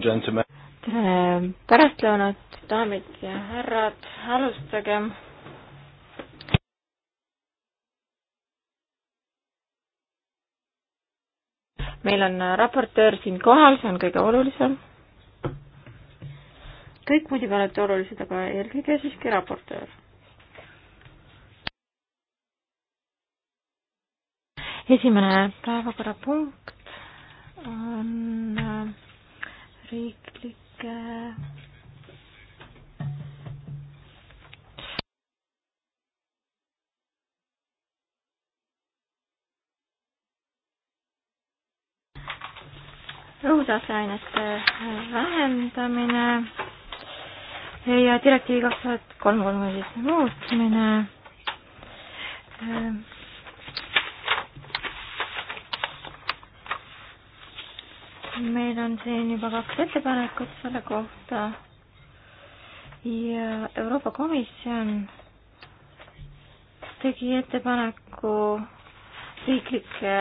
tere pärastlõunat, daamid ja härrad, alustagem. meil on raportöör siin kohal, see on kõige olulisem. kõik muidugi olete olulised, aga eelkõige siiski raportöör. esimene päevakorrapunkt on riiklike õhusasteainete vähendamine ja direktiivi kaks tuhat kolm kolmekümne seitsme muutmine meil on siin juba kaks ettepanekut selle kohta ja Euroopa Komisjon tegi ettepaneku riiklike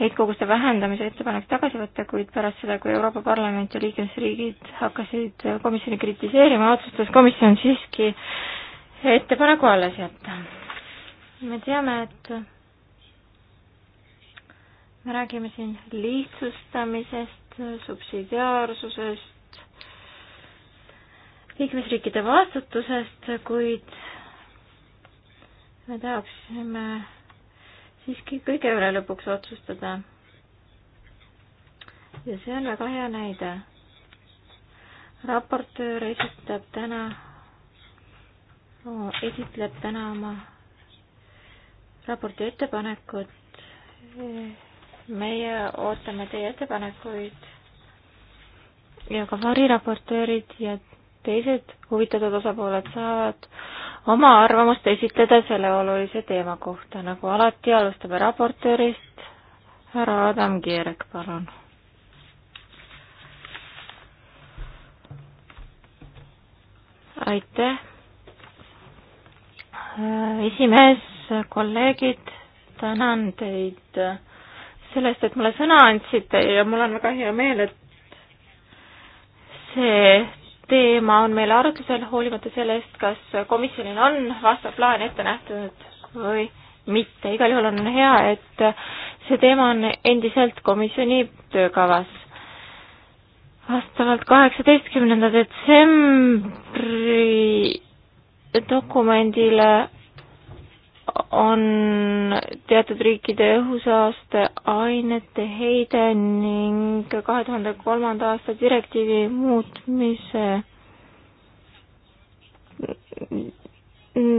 heitkoguste vähendamise ettepanek tagasi võtta, kuid pärast seda, kui Euroopa Parlament ja liikmesriigid hakkasid komisjoni kritiseerima, otsustas komisjon siiski ettepaneku alles jätta. me teame, et me räägime siin lihtsustamisest, subsidiaarsusest, liikmesriikide vastutusest, kuid me tahaksime siiski kõige üle lõpuks otsustada. ja see on väga hea näide. raportöör esitab täna no,, esitleb täna oma raporti ettepanekut eh, meie ootame teie ettepanekuid ja ka variraportöörid ja teised huvitatud osapooled saavad oma arvamust esitleda selle olulise teema kohta. nagu alati, alustame raportöörist, härra Adam Kierek, palun. aitäh, äh, esimees, kolleegid, tänan teid selle eest, et mulle sõna andsite ja mul on väga hea meel, et see teema on meil arutlusel, hoolimata sellest, kas komisjonil on vastav plaan ette nähtud või mitte. igal juhul on hea, et see teema on endiselt komisjoni töökavas. vastavalt kaheksateistkümnenda detsembri dokumendile on teatud riikide õhusaaste ainete heide ning kahe tuhande kolmanda aasta direktiivi muutmise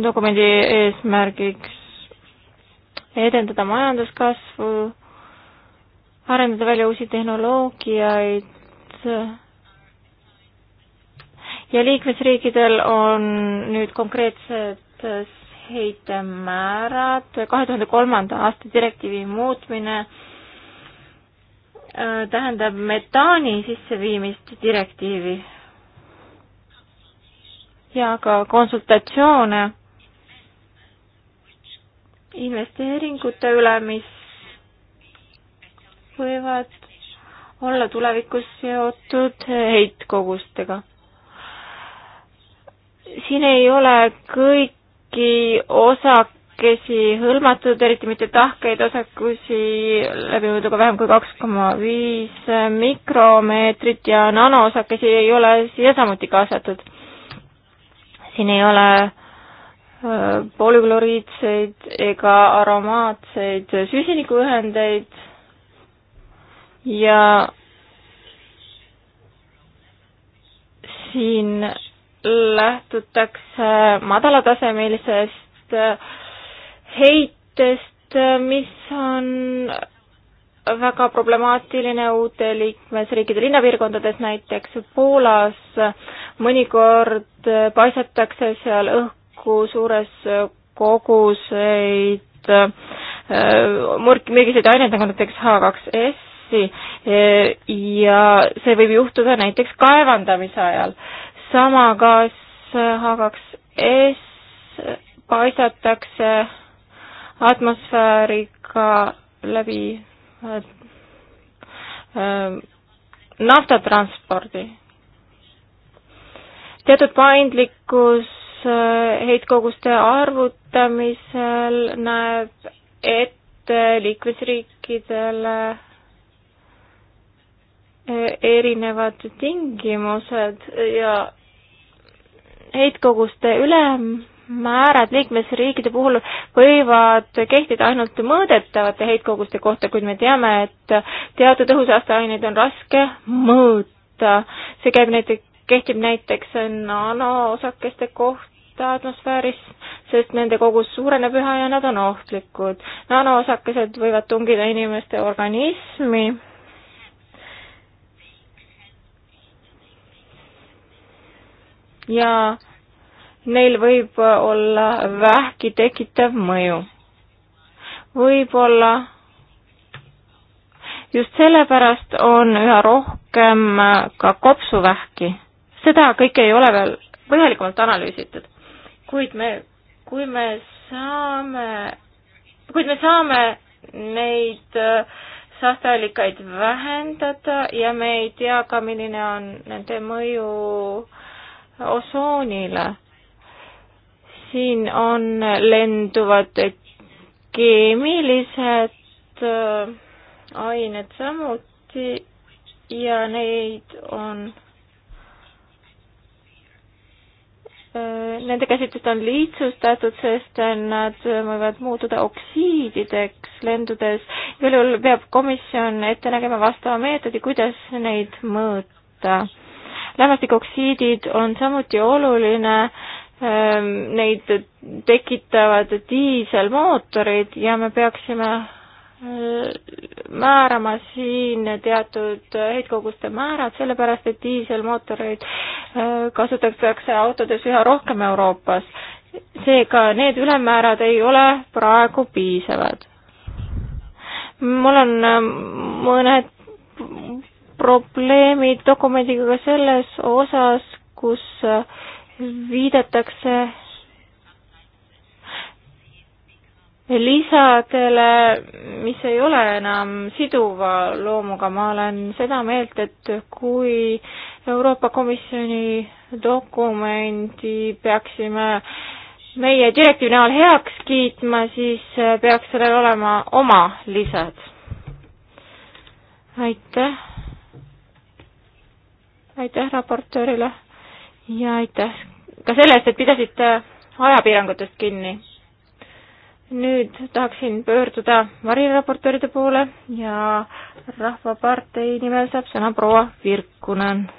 dokumendi eesmärgiks edendada majanduskasvu, arendada välja uusi tehnoloogiaid ja liikmesriikidel on nüüd konkreetsed heitemäärad, kahe tuhande kolmanda aasta direktiivi muutmine tähendab metaani sisseviimist direktiivi ja ka konsultatsioone investeeringute üle, mis võivad olla tulevikus seotud heitkogustega. siin ei ole kõik kõiki osakesi hõlmatud, eriti mitte tahkeid osakusi läbimõõduga vähem kui kaks koma viis mikromeetrit ja nanoosakesi ei ole siia samuti kaasatud. siin ei ole polükloriidseid ega aromaatseid süsinikuühendeid ja siin lähtutakse madalatasemelisest äh, heitest, äh, mis on väga problemaatiline uute liikmesriikide linnapiirkondades, näiteks Poolas. mõnikord äh, paisatakse seal õhku suures koguseid mürk-, mürgiseid aineid, nagu näiteks H2S, ja see võib juhtuda näiteks kaevandamise ajal sama gaas H2S paisatakse atmosfääriga läbi äh, äh, naftatranspordi. teatud paindlikkus äh, heitkoguste arvutamisel näeb ette liikmesriikidele erinevad tingimused ja heitkoguste ülemmäärad liikmesriikide puhul võivad kehtida ainult mõõdetavate heitkoguste kohta, kuid me teame, et teatud õhusaasteaineid on raske mõõta. see käib näiteks, kehtib näiteks nanoosakeste kohta, atmosfääris, sest nende kogus suureneb üha ja nad on ohtlikud. nanoosakesed võivad tungida inimeste organismi ja neil võib olla vähki tekitav mõju. võib-olla just sellepärast on üha rohkem ka kopsuvähki. seda kõike ei ole veel põhjalikumalt analüüsitud, kuid me, kui me saame, kuid me saame neid äh, saasteallikaid vähendada ja me ei tea ka, milline on nende mõju osoonile. siin on lenduvad keemilised äh, ained samuti ja neid on äh, Nende käsitlust on lihtsustatud, sest nad võivad muutuda oksiidideks lendudes. igal juhul peab komisjon ette nägema vastava meetodi, kuidas neid mõõta lämmastikoksiidid on samuti oluline, ähm, neid tekitavad diiselmootorid ja me peaksime äh, määrama siin teatud heitkoguste määrad, sellepärast et diiselmootoreid äh, kasutatakse autodes üha rohkem Euroopas. seega need ülemmäärad ei ole praegu piisavad. mul on äh, mõned probleemid dokumendiga ka selles osas, kus äh, viidatakse lisadele, mis ei ole enam siduva loomuga, ma olen seda meelt, et kui Euroopa Komisjoni dokumendi peaksime meie direktiivi näol heaks kiitma, siis äh, peaks sellel olema oma lisad. aitäh aitäh raportöörile ja aitäh ka selle eest, et pidasite ajapiirangutest kinni. nüüd tahaksin pöörduda variraportööride poole ja Rahvapartei nimel saab sõna proua Virkunen.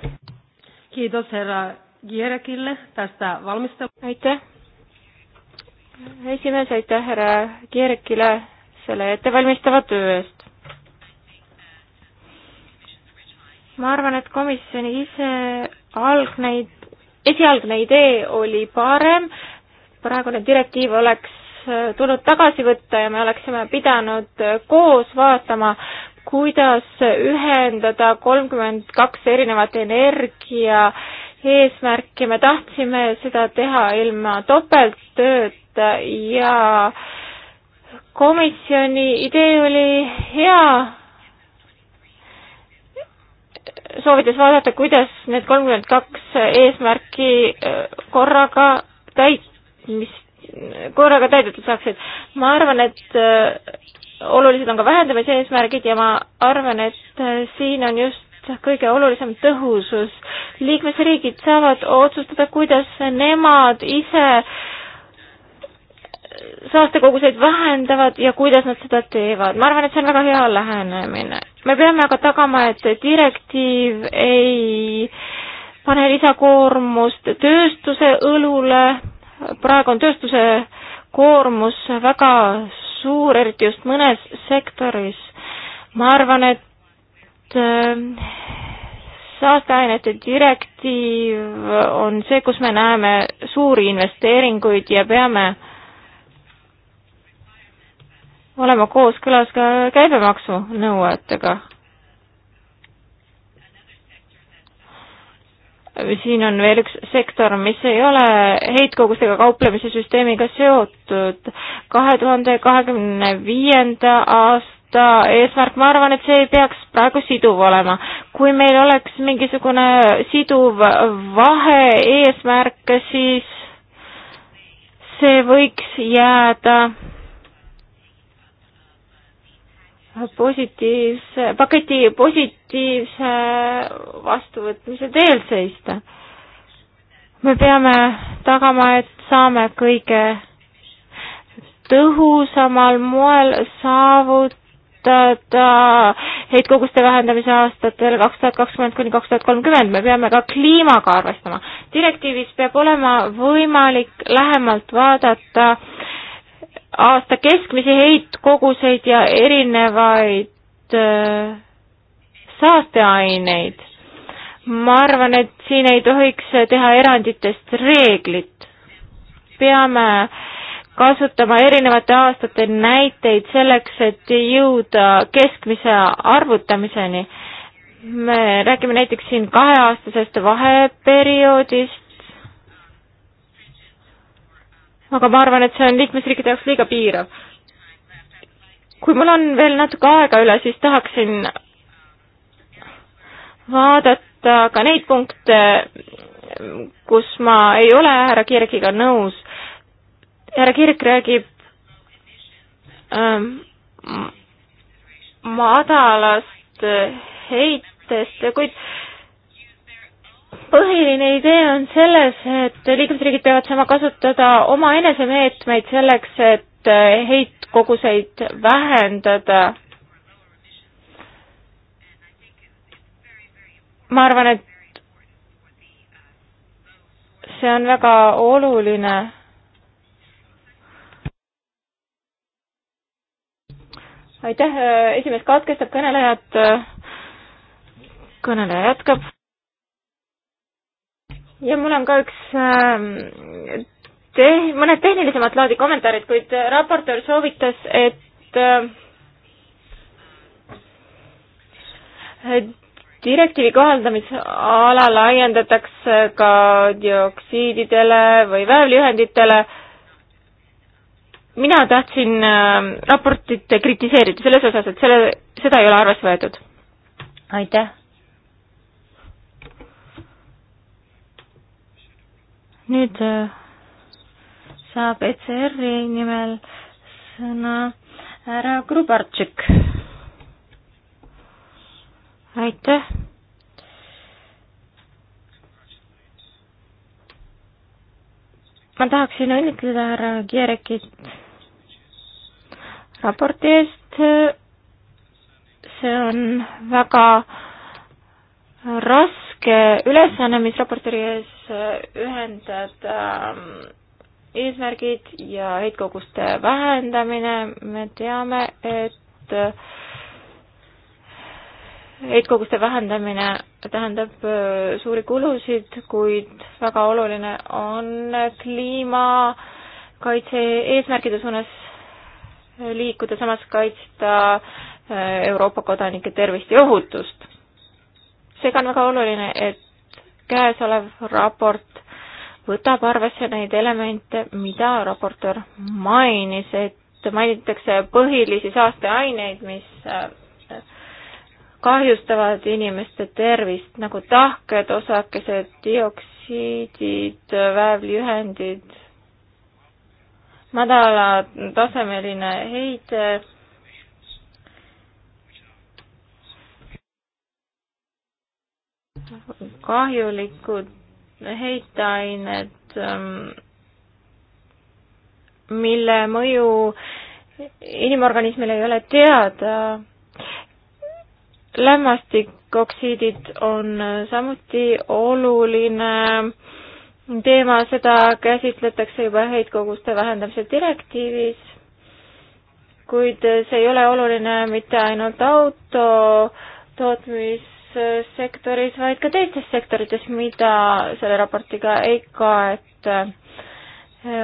aitäh, esimees, aitäh härra Kierekile selle ettevalmistava töö eest. ma arvan, et komisjoni ise algne, esialgne idee oli parem, praegune direktiiv oleks äh, tulnud tagasi võtta ja me oleksime pidanud äh, koos vaatama, kuidas ühendada kolmkümmend kaks erinevat energia eesmärki, me tahtsime seda teha ilma topelttööta ja komisjoni idee oli hea, soovides vaadata, kuidas need kolmkümmend kaks eesmärki äh, korraga täitmist, korraga täidetud saaksid. ma arvan, et äh, olulised on ka vähendamise eesmärgid ja ma arvan, et äh, siin on just kõige olulisem tõhusus. liikmesriigid saavad otsustada, kuidas nemad ise äh, saastekoguseid vähendavad ja kuidas nad seda teevad. ma arvan, et see on väga hea lähenemine. me peame aga tagama, et direktiiv ei pane lisakoormust tööstuse õlule, praegu on tööstuse koormus väga suur, eriti just mõnes sektoris. ma arvan, et äh, saasteainete direktiiv on see, kus me näeme suuri investeeringuid ja peame äh, olema kooskõlas ka käibemaksu nõuetega. siin on veel üks sektor, mis ei ole heitkogustega kauplemise süsteemiga seotud. kahe tuhande kahekümne viienda aasta eesmärk, ma arvan, et see ei peaks praegu siduv olema. kui meil oleks mingisugune siduv vahe-eesmärk, siis see võiks jääda positiivse, paketi positiivse vastuvõtmise teel seista. me peame tagama, et saame kõige tõhusamal moel saavutada heitkoguste vähendamise aastatel kaks tuhat kakskümmend kuni kaks tuhat kolmkümmend, me peame ka kliimaga arvestama. direktiivis peab olema võimalik lähemalt vaadata äh, aasta keskmisi heitkoguseid ja erinevaid äh, saasteaineid. ma arvan, et siin ei tohiks teha eranditest reeglit. peame kasutama erinevate aastate näiteid selleks, et jõuda keskmise arvutamiseni. me räägime näiteks siin kaheaastasest vaheperioodist, aga ma arvan, et see on liikmesriikide jaoks liiga piirav. kui mul on veel natuke aega üle, siis tahaksin vaadata ka neid punkte, kus ma ei ole härra Kirgiga nõus. härra Kirg räägib ähm, madalast heitest, kuid põhiline idee on selles, et liikmesriigid peavad saama kasutada oma enesemeetmeid selleks, et eh, heitkoguseid vähendada. ma arvan, et see on väga oluline aitäh, eh, esimees katkestab kõnelejat. Eh, kõneleja jätkab ja mul on ka üks ähm, teh-, mõned tehnilisemat laadi kommentaarid, kuid äh, raportöör soovitas, et äh, direktiivi kohaldamisala laiendatakse ka dioksiididele või väävliühenditele. mina tahtsin ähm, raportit kritiseerida selles osas, et selle, seda ei ole arvesse võetud. aitäh nüüd äh, saab ECR-i nimel sõna härra Grubartšik. aitäh. ma tahaksin õnnitleda härra Kierekit raporti eest. see on väga raske ülesanne, mis raportööri ees Äh, ühendada ähm, eesmärgid ja heitkoguste vähendamine, me teame, et äh, heitkoguste vähendamine tähendab äh, suuri kulusid, kuid väga oluline on kliimakaitse eesmärgide suunas liikuda, samas kaitsta Euroopa kodanike tervist ja ohutust. seega on väga oluline, et käesolev raport võtab arvesse neid elemente, mida raportöör mainis, et mainitakse põhilisi saasteaineid, mis äh, kahjustavad inimeste tervist, nagu tahked, osakesed, dioksiidid, väävliühendid, madalatasemeline heide kahjulikud heiteained, ähm, mille mõju inimorganismile ei ole teada. lämmastikoksiidid on samuti oluline teema, seda käsitletakse juba heitkoguste vähendamise direktiivis, kuid see ei ole oluline mitte ainult auto tootmis sektoris, vaid ka teistes sektorites, mida selle raportiga ei kaeta.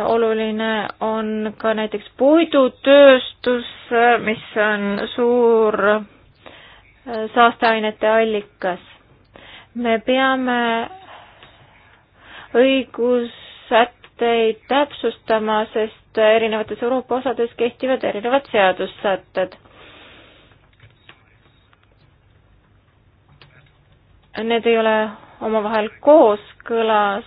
oluline on ka näiteks puidutööstus, mis on suur saasteainete allikas. me peame õigussätteid täpsustama, sest erinevates Euroopa osades kehtivad erinevad seadussätted need ei ole omavahel kooskõlas.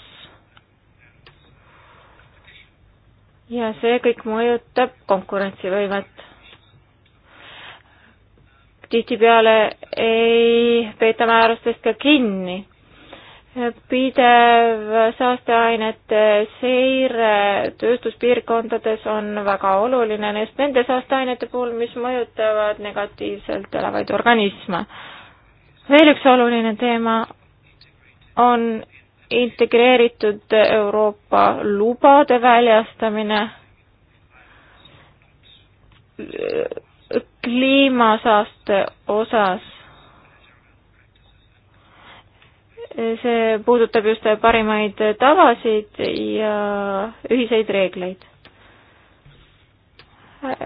ja see kõik mõjutab konkurentsivõimet. tihtipeale ei peeta määrustest ka kinni. pidev saasteainete seire tööstuspiirkondades on väga oluline just nende saasteainete puhul, mis mõjutavad negatiivselt elavaid organisme veel üks oluline teema on integreeritud Euroopa lubade väljastamine kliimasaaste osas. see puudutab just parimaid tavasid ja ühiseid reegleid.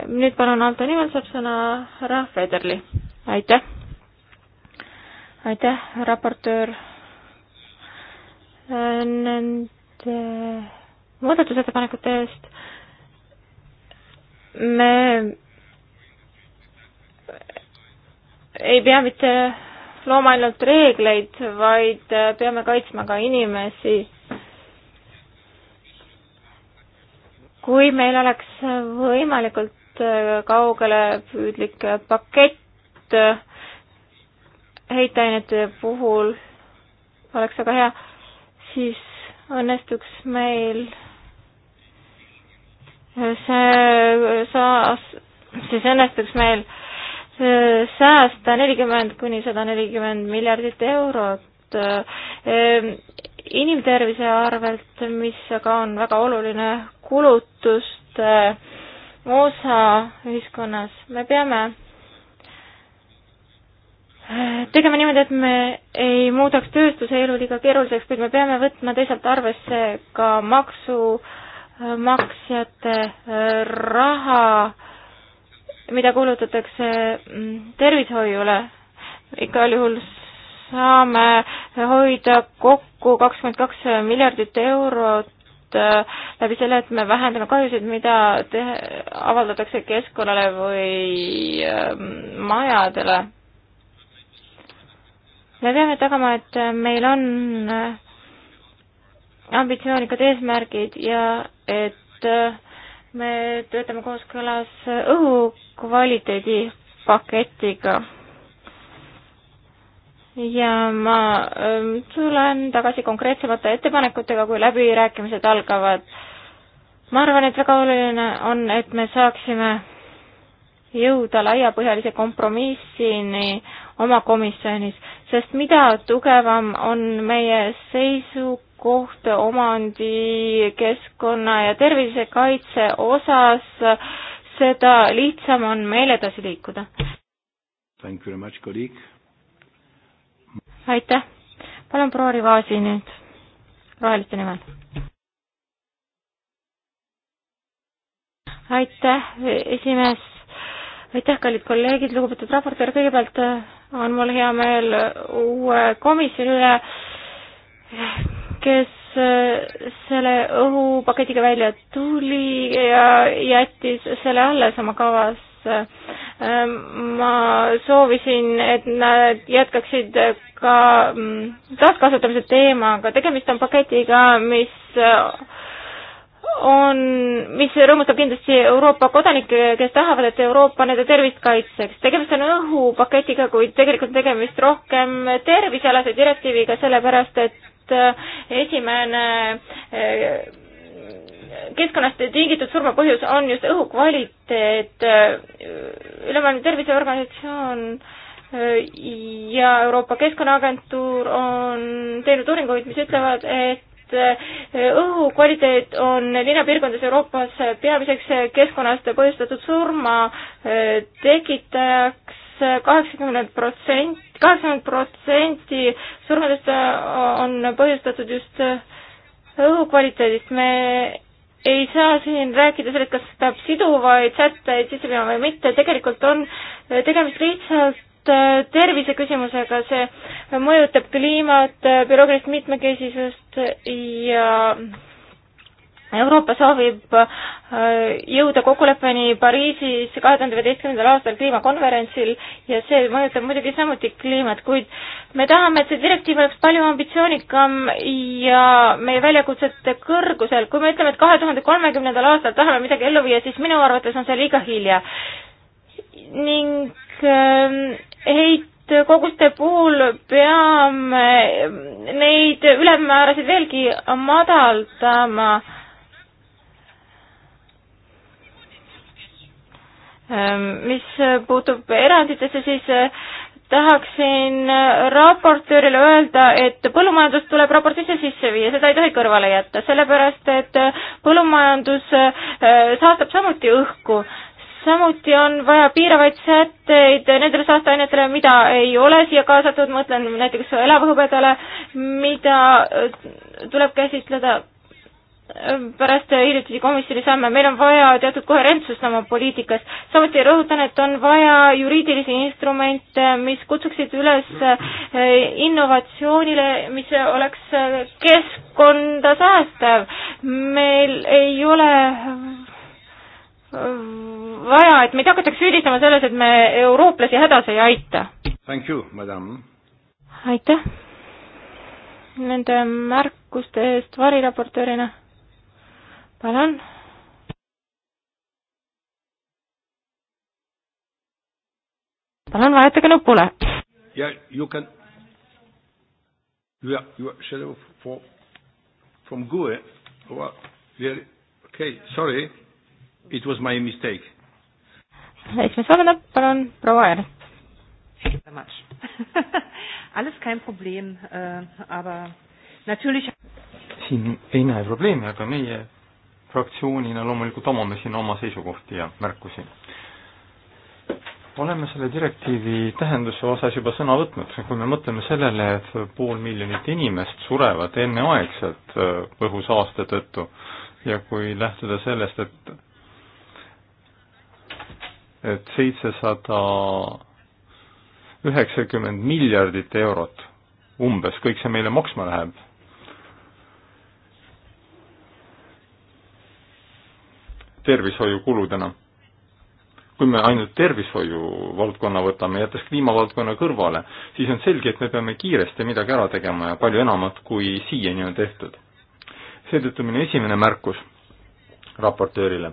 nüüd palun Anto nimel saab sõna härra Federli. aitäh! aitäh, raportöör. Äh, nende muudatusettepanekute eest me ei pea mitte looma ainult reegleid, vaid peame kaitsma ka inimesi. kui meil oleks võimalikult kaugele püüdlik pakett, heitainete puhul oleks väga hea, siis õnnestuks meil see saas, siis õnnestuks meil säästa nelikümmend kuni sada nelikümmend miljardit eurot ehm, inimtervise arvelt, mis aga on väga oluline kulutuste osa ühiskonnas. me peame tegema niimoodi, et me ei muudaks tööstuse elu liiga keeruliseks, kuid me peame võtma teisalt arvesse ka maksumaksjate äh, raha, mida kulutatakse mm, tervishoiule. igal juhul saame hoida kokku kakskümmend kaks miljardit eurot äh, läbi selle, et me vähendame kahjusid, mida te-, avaldatakse keskkonnale või äh, majadele me peame tagama, et meil on äh, ambitsioonikad eesmärgid ja et äh, me töötame kooskõlas äh, õhukvaliteedi paketiga. ja ma ähm, tulen tagasi konkreetsemate ettepanekutega, kui läbirääkimised algavad. ma arvan, et väga oluline on, et me saaksime jõuda laiapõhjalise kompromissini oma komisjonis sest mida tugevam on meie seisukoht omandi, keskkonna ja tervisekaitse osas, seda lihtsam on meil edasi liikuda. aitäh, palun proua Rivasi nüüd roheliste nimel. aitäh, esimees, aitäh, kallid kolleegid, lugupeetud raportöör, kõigepealt on mul hea meel uue komisjoni üle, kes eh, selle õhupaketiga välja tuli ja jättis selle alles oma kavas. Eh, ma soovisin, et nad jätkaksid ka mm, taaskasutamise teemaga, tegemist on paketiga, mis eh, on, mis rõõmustab kindlasti Euroopa kodanikke, kes tahavad, et Euroopa nende tervist kaitseks. tegemist on õhupaketiga, kuid tegelikult on tegemist rohkem tervisealase direktiiviga, sellepärast et eh, esimene eh, keskkonnast tingitud surmapõhjus on just õhukvaliteet. Eh, ülemaailmne Terviseorganisatsioon ja Euroopa Keskkonnaagentuur on teinud uuringuid, mis ütlevad, et Eh, õhukvaliteet on linnapiirkondades Euroopas peamiseks keskkonnast põhjustatud surma eh, tekitajaks kaheksakümmend protsenti, kaheksakümmend protsenti surmadest eh, on põhjustatud just õhukvaliteedist. me ei saa siin rääkida sellest, kas peab siduvaid sätteid sisse viima või mitte, tegelikult on tegemist lihtsalt Äh, terviseküsimusega, see mõjutab kliimat, äh, bioloogilist mitmekesisust ja Euroopa soovib äh, jõuda kokkuleppeni Pariisis kahe tuhande üheteistkümnendal aastal kliimakonverentsil ja see mõjutab muidugi samuti kliimat, kuid me tahame, et see direktiiv oleks palju ambitsioonikam ja meie väljakutsete kõrgusel. kui me ütleme, et kahe tuhande kolmekümnendal aastal tahame midagi ellu viia, siis minu arvates on see liiga hilja. ning ähm, heitkoguste puhul peame neid ülemmäärasid veelgi madaldama. Ehm, mis puutub eranditesse, siis eh, tahaksin raportöörile öelda, et põllumajandus tuleb raportisse sisse viia, seda ei tohi kõrvale jätta, sellepärast et põllumajandus eh, saastab samuti õhku samuti on vaja piiravaid sätteid nendele saasteainetele, mida ei ole siia kaasatud, mõtlen näiteks elavhõbedale, mida äh, tuleb käsitleda äh, pärast hiljutisi komisjoni samme, meil on vaja teatud koherentsust oma poliitikas. samuti rõhutan, et on vaja juriidilisi instrumente, mis kutsuksid üles äh, innovatsioonile, mis oleks keskkonda säästev. meil ei ole vaja, et meid hakatakse süüdistama selles, et me eurooplasi hädas ei aita. aitäh nende märkuste eest variraportöörina. palun. palun vajutage nupule. ja yeah, you can, you are, you are shadow for, from GUE, okei okay,, sorry It was my mistake. esimesena palun proua Aer. Alles kein Problem äh,, aber natürlich. siin ei näe probleemi, aga meie fraktsioonina loomulikult omame siin oma seisukohti ja märkusi. oleme selle direktiivi tähenduse osas juba sõna võtnud, kui me mõtleme sellele, et pool miljonit inimest surevad enneaegselt äh, õhusaasta tõttu ja kui lähtuda sellest, et et seitsesada üheksakümmend miljardit eurot umbes, kõik see meile maksma läheb. tervishoiukuludena. kui me ainult tervishoiu valdkonna võtame, jättes kliimavaldkonna kõrvale, siis on selge, et me peame kiiresti midagi ära tegema ja palju enamat, kui siiani on tehtud. seetõttu minu esimene märkus raportöörile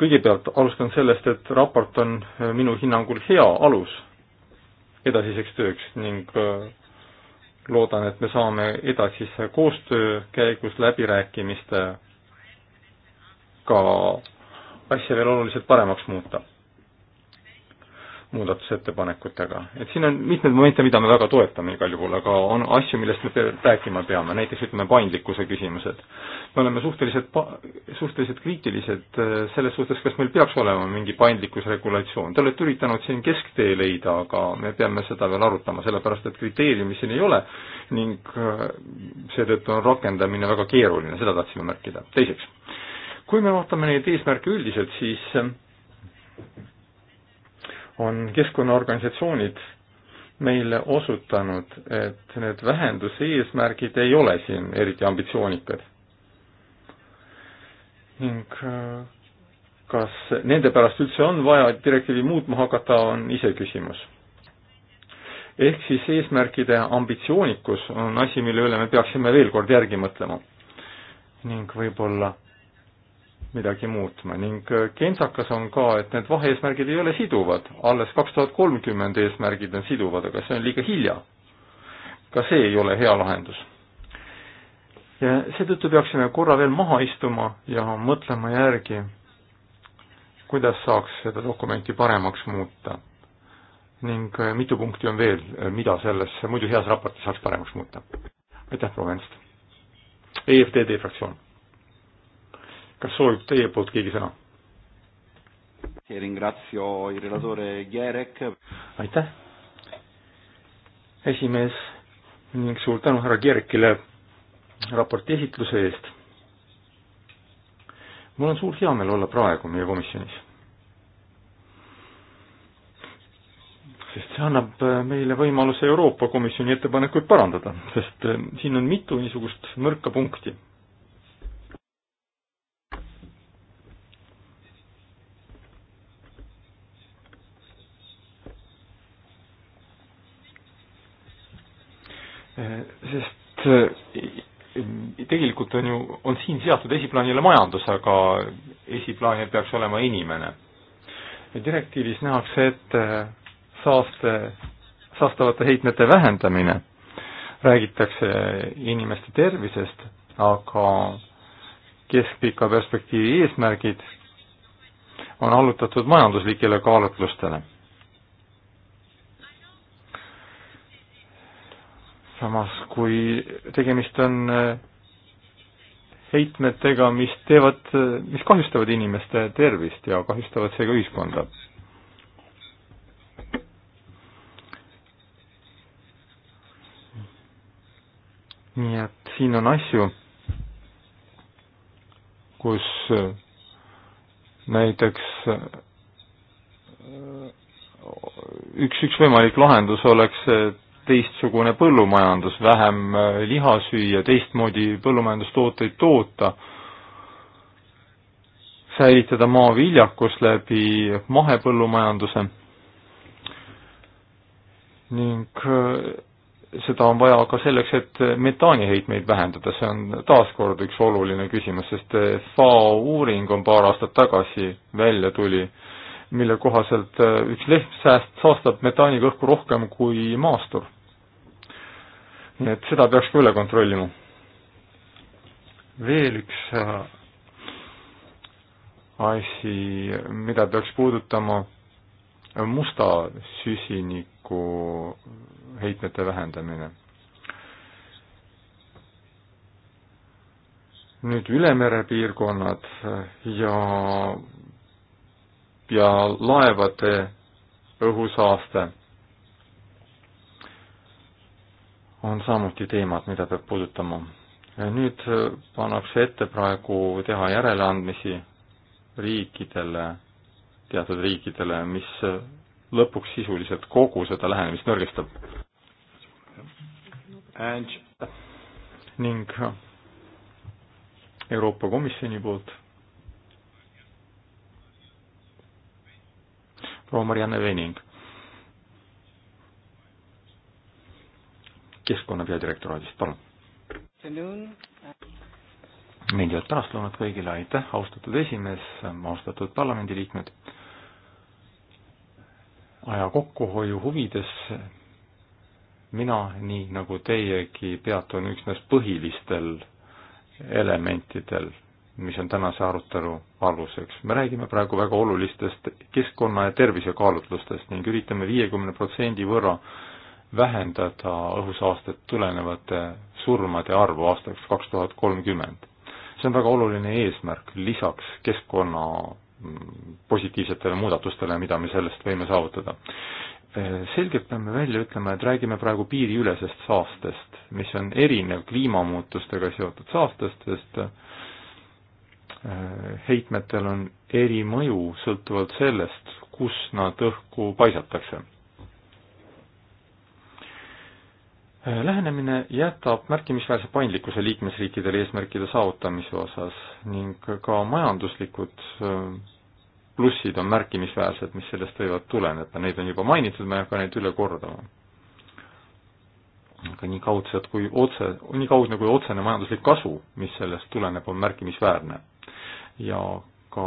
kõigepealt alustan sellest, et raport on äh, minu hinnangul hea alus edasiseks tööks ning äh, loodan, et me saame edasise koostöö käigus läbirääkimiste ka asja veel oluliselt paremaks muuta muudatusettepanekutega. et siin on mitmeid momente, mida me väga toetame igal juhul, aga on asju, millest me rääkima peame, näiteks ütleme, paindlikkuse küsimused. me oleme suhteliselt pa-, suhteliselt kriitilised äh, selles suhtes, kas meil peaks olema mingi paindlikkusregulatsioon. Te olete üritanud siin kesktee leida, aga me peame seda veel arutama, sellepärast et kriteeriumi siin ei ole ning äh, seetõttu on rakendamine väga keeruline, seda tahtsime märkida. teiseks, kui me vaatame neid eesmärke üldiselt, siis äh, on keskkonnaorganisatsioonid meile osutanud, et need vähenduse eesmärgid ei ole siin eriti ambitsioonikad. ning äh, kas nende pärast üldse on vaja direktiivi muutma hakata, on iseküsimus. ehk siis eesmärkide ambitsioonikus on asi, mille üle me peaksime veel kord järgi mõtlema. ning võib-olla midagi muutma ning äh, kentsakas on ka, et need vaheeesmärgid ei ole siduvad, alles kaks tuhat kolmkümmend eesmärgid on siduvad, aga see on liiga hilja. ka see ei ole hea lahendus. ja seetõttu peaksime korra veel maha istuma ja mõtlema järgi, kuidas saaks seda dokumenti paremaks muuta. ning äh, mitu punkti on veel, äh, mida selles muidu heas raportis saaks paremaks muuta. aitäh, proua Venst! EFTD fraktsioon kas soovib teie poolt keegi sõna? aitäh, esimees ning suur tänu härra Gierekile raporti esitluse eest. mul on suur heameel olla praegu meie komisjonis. sest see annab äh, meile võimaluse Euroopa Komisjoni ettepanekuid parandada, sest äh, siin on mitu niisugust nõrka punkti Eh, sest eh, tegelikult on ju, on siin seatud esiplaanile majandus, aga esiplaanil peaks olema inimene. direktiivis nähakse ette eh, saaste, saastavate heitmete vähendamine, räägitakse inimeste tervisest, aga keskpika perspektiivi eesmärgid on allutatud majanduslikele kaalutlustele samas kui tegemist on äh, heitmetega, mis teevad, äh, mis kahjustavad inimeste tervist ja kahjustavad seega ühiskonda. nii et siin on asju, kus äh, näiteks üks, üks võimalik lahendus oleks, et teistsugune põllumajandus, vähem äh, liha süüa, teistmoodi põllumajandustooteid toota, säilitada maaviljakus läbi mahepõllumajanduse ning äh, seda on vaja ka selleks, et metaaniheitmeid vähendada, see on taaskord üks oluline küsimus, sest äh, FAO uuring on paar aastat tagasi välja tuli, mille kohaselt üks lehm sääst-, saastab metaaniga õhku rohkem kui maastur nii et seda peaks ka üle kontrollima. veel üks äh, asi, mida peaks puudutama, musta süsiniku heitmete vähendamine. nüüd ülemere piirkonnad ja, ja laevade õhusaaste on samuti teemad, mida peab puudutama. nüüd pannakse ette praegu teha järeleandmisi riikidele, teatud riikidele, mis lõpuks sisuliselt kogu seda lähenemist nõrgestab. ning Euroopa Komisjoni poolt proua Marianne Vening keskkonna peadirektoraadist, palun. meeldivat pärastlõunat kõigile, aitäh, austatud esimees, austatud parlamendiliikmed. aja kokkuhoiu huvides mina, nii nagu teiegi, peatun üksnes põhilistel elementidel, mis on tänase arutelu aluseks. me räägime praegu väga olulistest keskkonna ja tervise kaalutlustest ning üritame viiekümne protsendi võrra äh, vähendada õhusaastet tulenevate surmade arvu aastaks kaks tuhat kolmkümmend. see on väga oluline eesmärk lisaks keskkonna mm, positiivsetele muudatustele, mida me sellest võime saavutada. selgelt peame välja ütlema, et räägime praegu piiriülesest saastest, mis on erinev kliimamuutustega seotud saastest, sest heitmetel on eri mõju sõltuvalt sellest, kus nad õhku paisatakse Äh, lähenemine jätab märkimisväärse paindlikkuse liikmesriikidele eesmärkide saavutamise osas ning ka majanduslikud äh, plussid on märkimisväärsed, mis sellest võivad tuleneda, neid on juba mainitud, ma ei hakka neid üle kordama. aga nii kaudsed kui otse, nii kaudne kui otsene majanduslik kasu, mis sellest tuleneb, on märkimisväärne. ja ka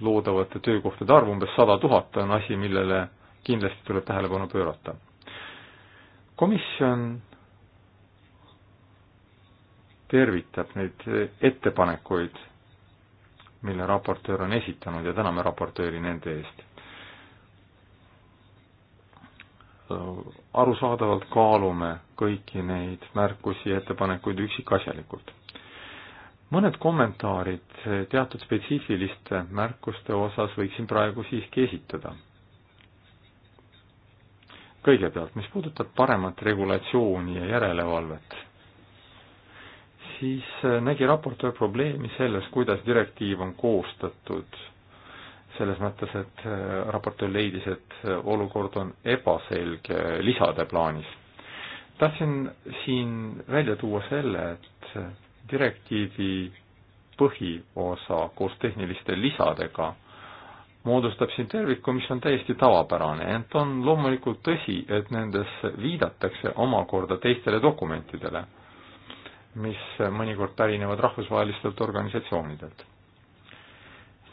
loodavate töökohtade arv, umbes sada tuhat, on asi, millele kindlasti tuleb tähelepanu pöörata komisjon tervitab neid ettepanekuid, mille raportöör on esitanud ja täname raportööri nende eest. arusaadavalt kaalume kõiki neid märkusi ja ettepanekuid üksikasjalikult. mõned kommentaarid teatud spetsiifiliste märkuste osas võiksin praegu siiski esitada kõigepealt, mis puudutab paremat regulatsiooni ja järelevalvet, siis äh, nägi raportöör probleemi selles, kuidas direktiiv on koostatud. selles mõttes, et äh, raportöör leidis, et äh, olukord on ebaselge lisade plaanis. tahtsin siin välja tuua selle, et direktiivi põhiosa koos tehniliste lisadega moodustab siin terviku, mis on täiesti tavapärane, ent on loomulikult tõsi, et nendes viidatakse omakorda teistele dokumentidele, mis mõnikord pärinevad rahvusvahelistelt organisatsioonidelt.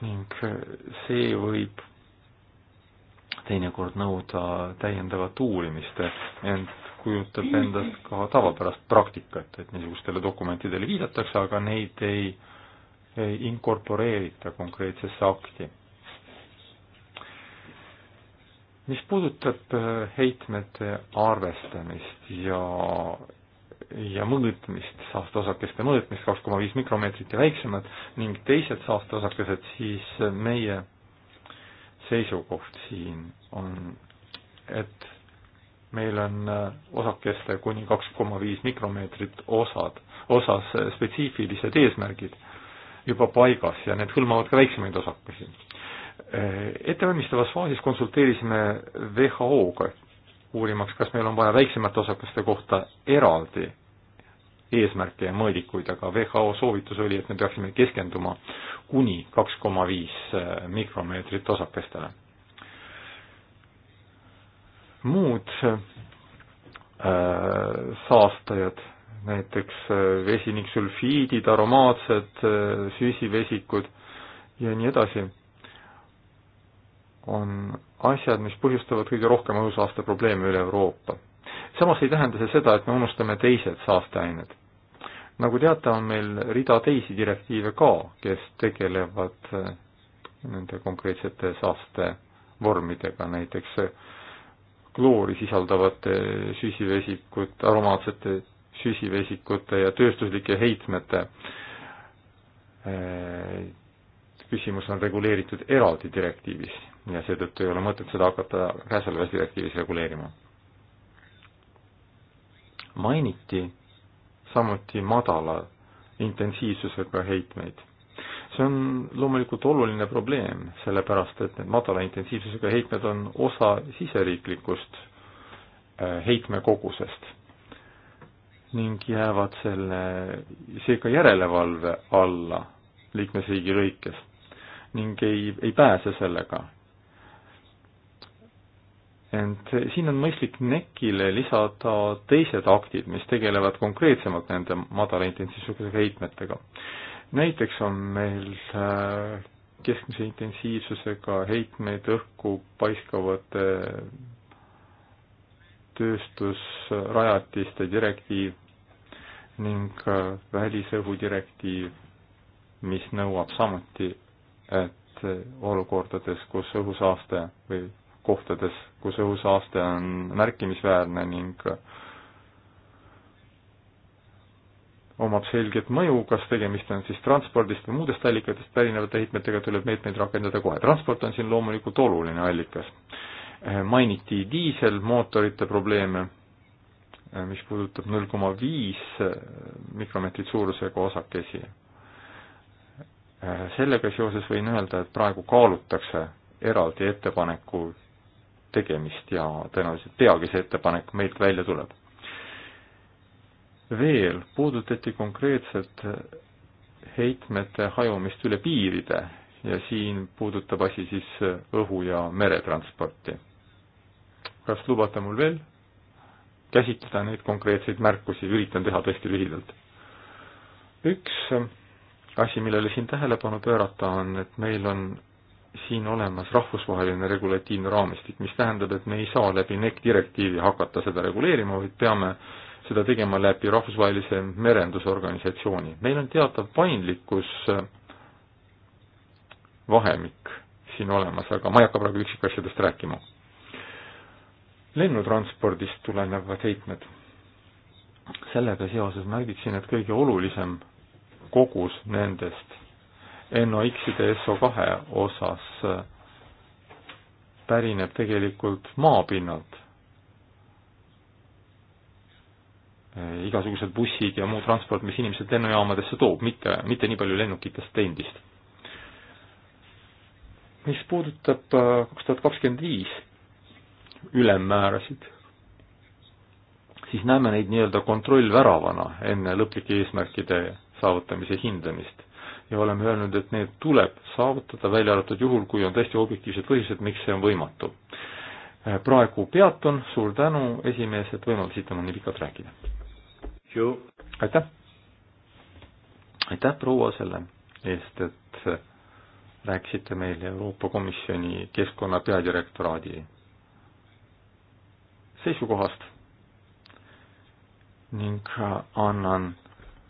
ning see võib teinekord nõuda täiendavat uurimist, ent kujutab endast ka tavapärast praktikat, et niisugustele dokumentidele viidatakse, aga neid ei, ei inkorporeerita konkreetsesse akti mis puudutab äh, heitmete arvestamist ja, ja mõõtmist, saasteosakeste mõõtmist, kaks koma viis mikromeetrit ja väiksemad, ning teised saasteosakesed, siis meie seisukoht siin on, et meil on äh, osakeste kuni kaks koma viis mikromeetrit osad, osas spetsiifilised eesmärgid juba paigas ja need hõlmavad ka väiksemaid osakesi Eh, ettevalmistavas faasis konsulteerisime WHO-ga, uurimaks, kas meil on vaja väiksemate osakaste kohta eraldi eesmärke ja mõõdikuid, aga WHO soovitus oli, et me peaksime keskenduma kuni kaks koma viis eh, mikromeetrit osakestele. muud äh, saastajad, näiteks vesiniksülfiidid, aromaatsed äh, süsivesikud ja nii edasi on asjad, mis põhjustavad kõige rohkem õhusaaste probleeme üle Euroopa. samas ei tähenda see seda, et me unustame teised saasteained. nagu teate, on meil rida teisi direktiive ka, kes tegelevad eh, nende konkreetsete saastevormidega, näiteks eh, kloori sisaldavate süsivesikute, aromaatsete süsivesikute ja tööstuslike heitmete eh, küsimus on reguleeritud eraldi direktiivis ja seetõttu ei ole mõtet seda hakata käesolevas direktiivis reguleerima. mainiti samuti madala intensiivsusega heitmeid. see on loomulikult oluline probleem, sellepärast et need madala intensiivsusega heitmed on osa siseriiklikust äh, heitmekogusest ning jäävad selle, seega järelevalve alla liikmesriigi lõikes ning ei, ei pääse sellega. ent siin on mõistlik NEC-ile lisada teised aktid, mis tegelevad konkreetsemalt nende madala intensiivsusega heitmetega. näiteks on meil äh, keskmise intensiivsusega heitmeid õhku paiskavate tööstusrajatiste direktiiv ning äh, välisõhu direktiiv, mis nõuab samuti et olukordades, kus õhusaaste või kohtades, kus õhusaaste on märkimisväärne ning omab selget mõju, kas tegemist on siis transpordist või muudest allikatest pärinevate heitmetega, tuleb meetmeid rakendada kohe. transport on siin loomulikult oluline allikas. mainiti diiselmootorite probleeme, mis puudutab null koma viis mikromeetrit suurusega osakesi Äh, sellega seoses võin öelda, et praegu kaalutakse eraldi ettepaneku tegemist ja tõenäoliselt peagi see ettepanek meilt välja tuleb. veel puudutati konkreetselt heitmete hajumist üle piiride ja siin puudutab asi siis õhu- ja meretransporti. kas lubate mul veel käsitleda neid konkreetseid märkusi, üritan teha tõesti lühidalt. üks asi, millele siin tähelepanu pöörata, on, et meil on siin olemas rahvusvaheline regulatiivne raamistik, mis tähendab, et me ei saa läbi NEC direktiivi hakata seda reguleerima, vaid peame seda tegema läbi rahvusvahelise merendusorganisatsiooni. meil on teatav paindlikkus äh, vahemik siin olemas, aga ma ei hakka praegu üksikasjadest rääkima. lennutranspordist tulenevad heitmed. sellega seoses märgiksin, et kõige olulisem kogus nendest NOX-ide SO2 osas äh, pärineb tegelikult maapinnalt. Äh, igasugused bussid ja muu transport, mis inimesed lennujaamadesse toob, mitte, mitte nii palju lennukitest endist. mis puudutab äh, kaks tuhat kakskümmend viis ülemmäärasid, siis näeme neid nii-öelda kontrollväravana enne lõplike eesmärkide saavutamise hindamist. ja oleme öelnud, et need tuleb saavutada, välja arvatud juhul, kui on täiesti objektiivsed põhjused, miks see on võimatu. praegu peatun, suur tänu, esimees, et võimaldasid täna nii pikalt rääkida. aitäh! aitäh, proua, selle eest, et rääkisite meile Euroopa Komisjoni keskkonna peadirektoraadi seisukohast ning annan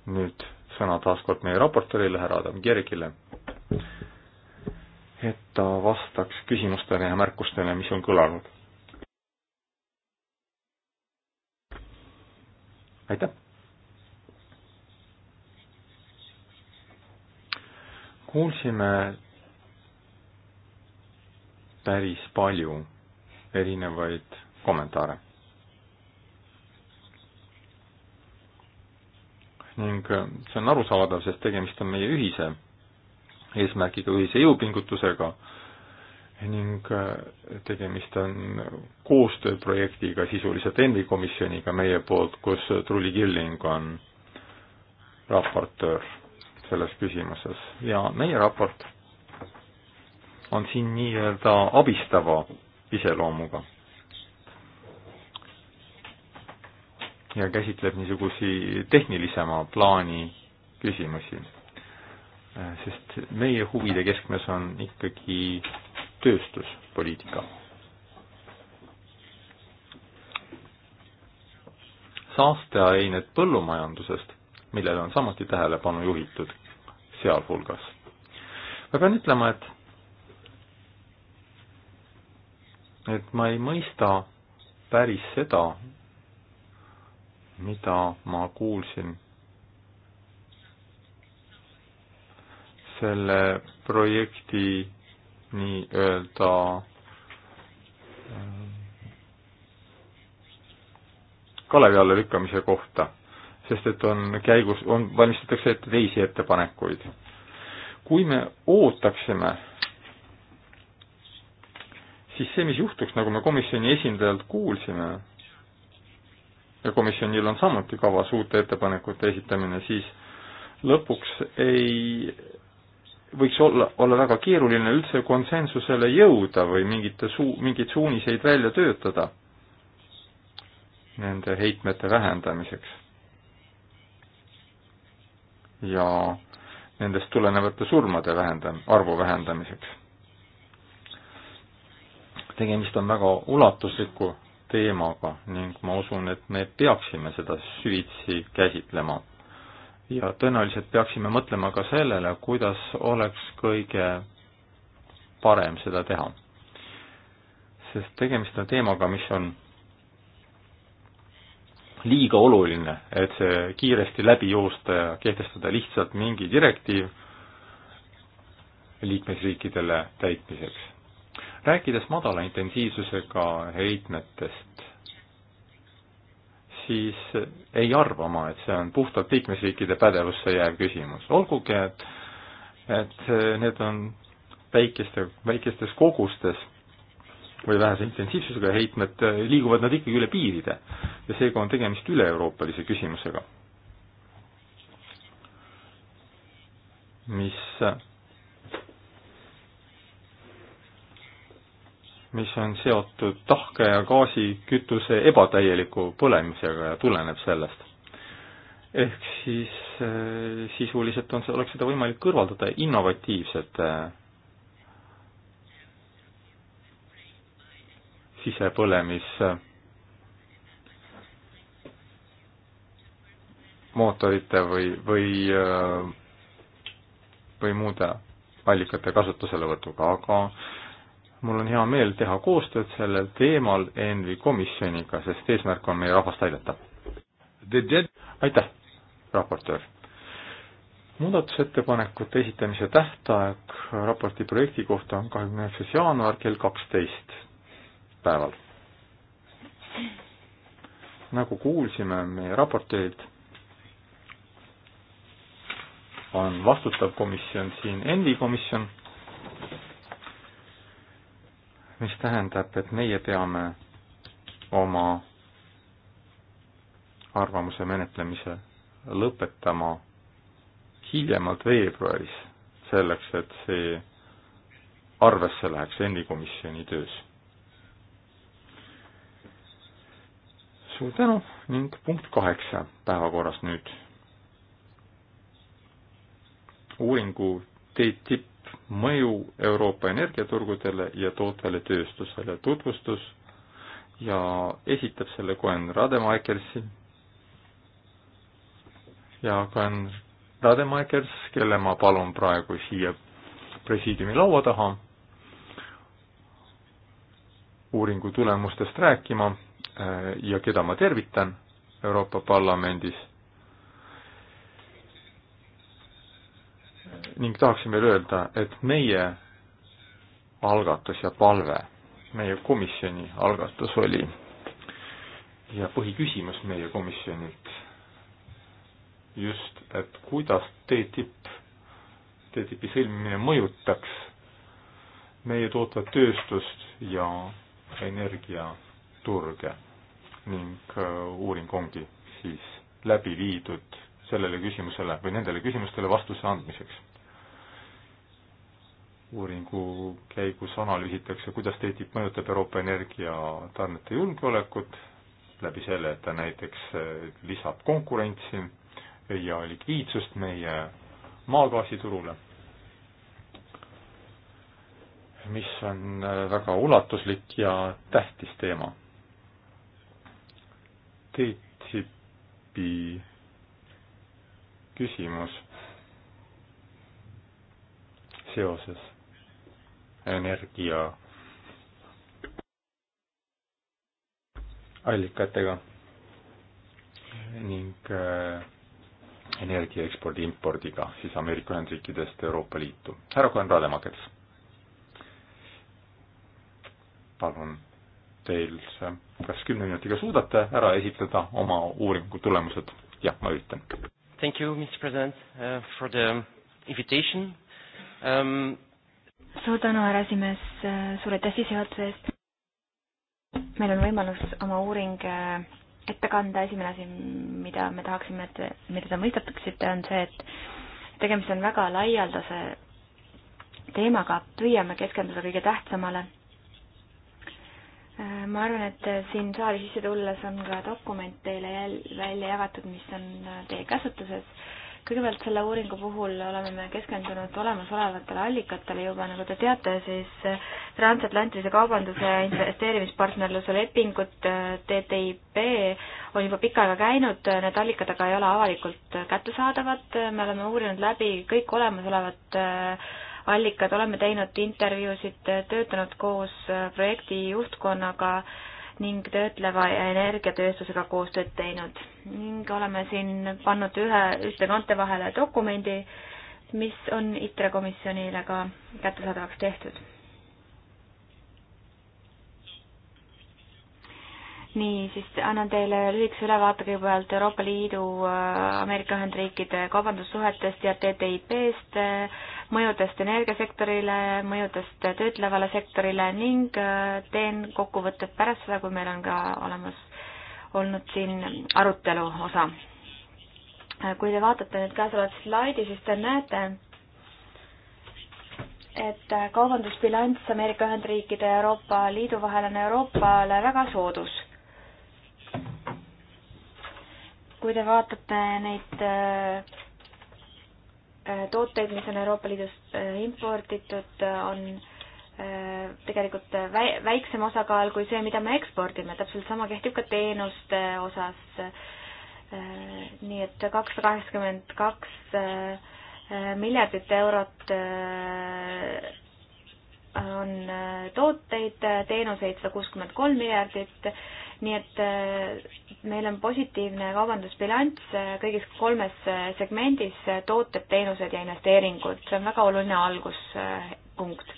nüüd sõna taas kord meie raportöörile, härra Adam Kirgile, et ta vastaks küsimustele ja märkustele, mis on kõlanud. aitäh! kuulsime päris palju erinevaid kommentaare ning äh, see on arusaadav, sest tegemist on meie ühise eesmärgiga, ühise jõupingutusega ning äh, tegemist on koostööprojektiga sisuliselt ENVI komisjoniga meie poolt, kus Trulli Killing on raportöör selles küsimuses ja meie raport on siin nii-öelda abistava iseloomuga ja käsitleb niisugusi tehnilisema plaani küsimusi. Äh, sest meie huvide keskmes on ikkagi tööstuspoliitika. saasteained põllumajandusest, millele on samuti tähelepanu juhitud sealhulgas. ma pean ütlema, et et ma ei mõista päris seda, mida ma kuulsin selle projekti nii-öelda äh, kalevi alla lükkamise kohta, sest et on käigus, on, valmistatakse ette teisi ettepanekuid. kui me ootaksime, siis see, mis juhtuks, nagu me komisjoni esindajalt kuulsime, ja komisjonil on samuti kavas uute ettepanekute esitamine, siis lõpuks ei, võiks olla, olla väga keeruline üldse konsensusele jõuda või mingite suu-, mingeid suuniseid välja töötada nende heitmete vähendamiseks. ja nendest tulenevate surmade vähendam-, arvu vähendamiseks. tegemist on väga ulatusliku teemaga ning ma usun, et me peaksime seda süvitsi käsitlema. ja tõenäoliselt peaksime mõtlema ka sellele, kuidas oleks kõige parem seda teha. sest tegemist on teemaga, mis on liiga oluline, et see kiiresti läbi joosta ja kehtestada lihtsalt mingi direktiiv liikmesriikidele täitmiseks rääkides madala intensiivsusega heitmetest, siis ei arva ma, et see on puhtalt liikmesriikide pädevusse jääv küsimus, olgugi et, et need on väikeste, väikestes kogustes või vähese intensiivsusega heitmed, liiguvad nad ikkagi üle piiride ja seega on tegemist üle-euroopalise küsimusega, mis mis on seotud tahke ja gaasikütuse ebatäieliku põlemisega ja tuleneb sellest. ehk siis äh, sisuliselt on, oleks seda võimalik kõrvaldada innovatiivsete äh, sisepõlemismootorite äh, või, või, või muude allikate kasutuselevõtuga, aga mul on hea meel teha koostööd sellel teemal ENVI komisjoniga, sest eesmärk on meie rahvast aidata. aitäh, raportöör! muudatusettepanekute esitamise tähtaeg raporti projekti kohta on kahekümne üheksas jaanuar kell kaksteist päeval. nagu kuulsime meie raportöörilt, on vastutav komisjon siin ENVI komisjon mis tähendab, et meie peame oma arvamuse menetlemise lõpetama hiljemalt veebruaris, selleks et see arvesse läheks ENMi komisjoni töös. suur tänu ning punkt kaheksa päevakorras nüüd. uuringu TTIP mõju Euroopa energiaturgudele ja tootvale tööstusele tutvustus ja esitab selle Cohen Rademachersi ja Cohen Rademachers, kelle ma palun praegu siia presiidiumi laua taha uuringu tulemustest rääkima äh, ja keda ma tervitan Euroopa Parlamendis ning tahaksin veel öelda, et meie algatus ja palve, meie komisjoni algatus oli ja põhiküsimus meie komisjonilt just, et kuidas TTIP, TTIP-i sõlmimine mõjutaks meie tootvat tööstust ja energiaturge ning äh, uuring ongi siis läbi viidud sellele küsimusele või nendele küsimustele vastuse andmiseks uuringu käigus analüüsitakse, kuidas TTIP mõjutab Euroopa energiatarnete julgeolekut läbi selle, et ta näiteks äh, lisab konkurentsi ja likviidsust meie maagaasiturule, mis on äh, väga ulatuslik ja tähtis teema. TTIP-i küsimus seoses energia allikatega ning äh, energia ekspordi impordiga siis Ameerika Ühendriikidest Euroopa Liitu. härra Konrad-Emakets, palun teil, kas kümne minutiga suudate ära esitleda oma uuringu tulemused? jah, ma üritan. Thank you, Mr President uh,, for the invitation um, suur tänu, härra esimees, suur aitäh sissejuhatuse eest. meil on võimalus oma uuring eh, ette kanda, esimene asi, mida me tahaksime, et, mida te mõistataksite, on see, et tegemist on väga laialdase teemaga, püüame keskenduda kõige tähtsamale. Eh, ma arvan, et siin saali sisse tulles on ka dokument teile jälle välja jagatud, mis on eh, teie käsutuses kõigepealt selle uuringu puhul oleme me keskendunud olemasolevatele allikatele juba, nagu te teate, siis transatlantilise kaubanduse investeerimispartnerluse lepingut äh, TTIP on juba pikka aega käinud, need allikad aga ei ole avalikult kättesaadavad, me oleme uurinud läbi kõik olemasolevad äh, allikad, oleme teinud intervjuusid, töötanud koos äh, projekti juhtkonnaga ning töötleva ja energiatööstusega koostööd teinud ning oleme siin pannud ühe, ühte kante vahele dokumendi, mis on ITRE komisjonile ka kättesaadavaks tehtud nii, siis annan teile lühikese ülevaate kõigepealt Euroopa Liidu, äh, Ameerika Ühendriikide kaubandussuhetest ja TTIP-st, äh, mõjudest energiasektorile, mõjudest töötlevale sektorile ning äh, teen kokkuvõtted pärast seda, kui meil on ka olemas olnud siin arutelu osa. kui te vaatate nüüd käesolevat slaidi, siis te näete, et kaubandusbilanss Ameerika Ühendriikide ja Euroopa Liidu vahel on Euroopale väga soodus kui te vaatate neid äh, äh, tooteid, mis on Euroopa Liidust äh, imporditud, on tegelikult väiksem osakaal kui see, mida me ekspordime, täpselt sama kehtib ka teenuste osas. nii et kakssada kaheksakümmend kaks miljardit eurot on äh, tooteid, äh, teenuseid sada kuuskümmend kolm miljardit, nii et äh, meil on positiivne kaubandusbilanss kõigis kolmes segmendis, tooted, teenused ja investeeringud, see on väga oluline alguspunkt.